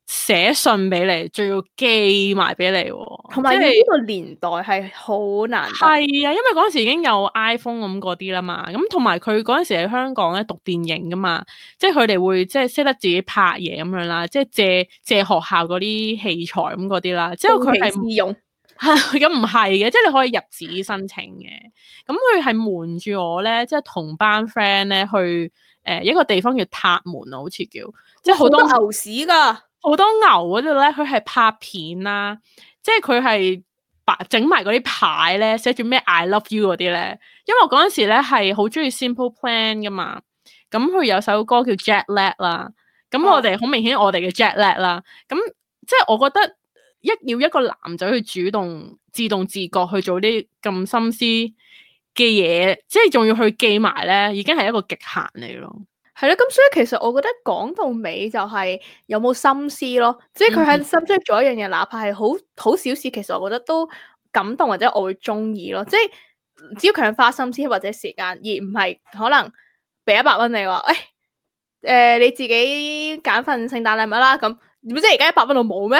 寫信俾你，仲要寄埋俾你，同埋呢個年代係好難。係啊、就是，因為嗰時已經有 iPhone 咁嗰啲啦嘛。咁同埋佢嗰陣時喺香港咧讀電影噶嘛，即係佢哋會即係識得自己拍嘢咁樣啦，即係借借學校嗰啲器材咁嗰啲啦。即係佢係，唔用，咁唔係嘅，即係你可以入紙申請嘅。咁佢係瞞住我咧，即係同班 friend 咧去誒、呃、一個地方叫塔門啊，好似叫即係好多牛屎噶。好多牛嗰度咧，佢係拍片啦、啊，即係佢係擺整埋嗰啲牌咧，寫住咩 I love you 嗰啲咧。因為嗰陣時咧係好中意 Simple Plan 噶嘛，咁、嗯、佢有首歌叫 Jet Lag 啦，咁、嗯哦、我哋好明顯我哋嘅 Jet Lag 啦，咁、嗯、即係我覺得一要一個男仔去主動自動自覺去做啲咁心思嘅嘢，即係仲要去記埋咧，已經係一個極限嚟咯。係咯，咁所以其實我覺得講到尾就係有冇心思咯，即係佢喺心中做一樣嘢，哪怕係好好小事，其實我覺得都感動或者我會中意咯。即係只要佢花心思或者時間，而唔係可能俾一百蚊你話，誒、哎、誒、呃、你自己揀份聖誕禮物啦。咁即係而家一百蚊度冇咩？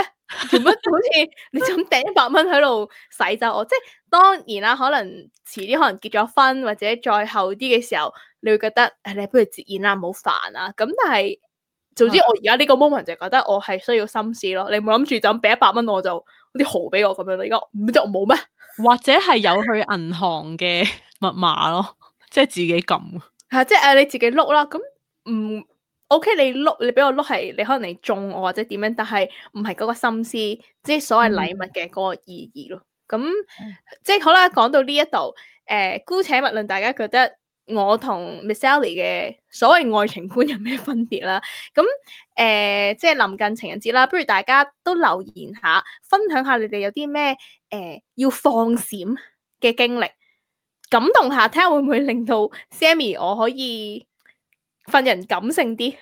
點解 [laughs] 好似你咁掟一百蚊喺度使走我？即係當然啦，可能遲啲可能結咗婚或者再後啲嘅時候。你會覺得誒，你不如接然啦，唔好煩啊！咁但係，總之我而家呢個 moment 就覺得我係需要心思咯。你冇諗住就咁俾一百蚊我就啲荷俾我咁樣不不咯。而家唔就冇、是、咩？或者係有去銀行嘅密碼咯，即係自己撳。係即係誒，你自己碌啦。咁、嗯、唔 OK，你碌你俾我碌係你可能嚟中我或者點樣，但係唔係嗰個心思，即、就、係、是、所謂禮物嘅嗰個意義咯。咁、 [noise] 嗯 [noise] 嗯、即係好啦，講到呢一度，誒，姑且勿論，大家覺得。我同 Misselly 嘅所謂愛情觀有咩分別啦？咁誒、呃，即係臨近情人節啦，不如大家都留言下，分享下你哋有啲咩誒要放閃嘅經歷，感動下，睇下會唔會令到 Sammy 我可以。份人感性啲，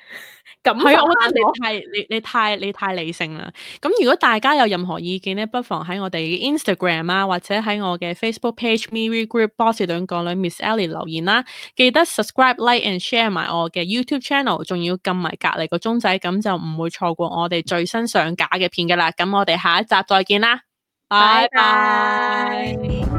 咁係我覺得你太你你太你太理性啦。咁如果大家有任何意見咧，不妨喺我哋 Instagram 啊，或者喺我嘅 Facebook page Miri Group Boston 女 Miss Ellie 留言啦。記得 subscribe、like and share 埋我嘅 YouTube channel，仲要撳埋隔籬個鐘仔，咁就唔會錯過我哋最新上架嘅片噶啦。咁我哋下一集再見啦，拜拜。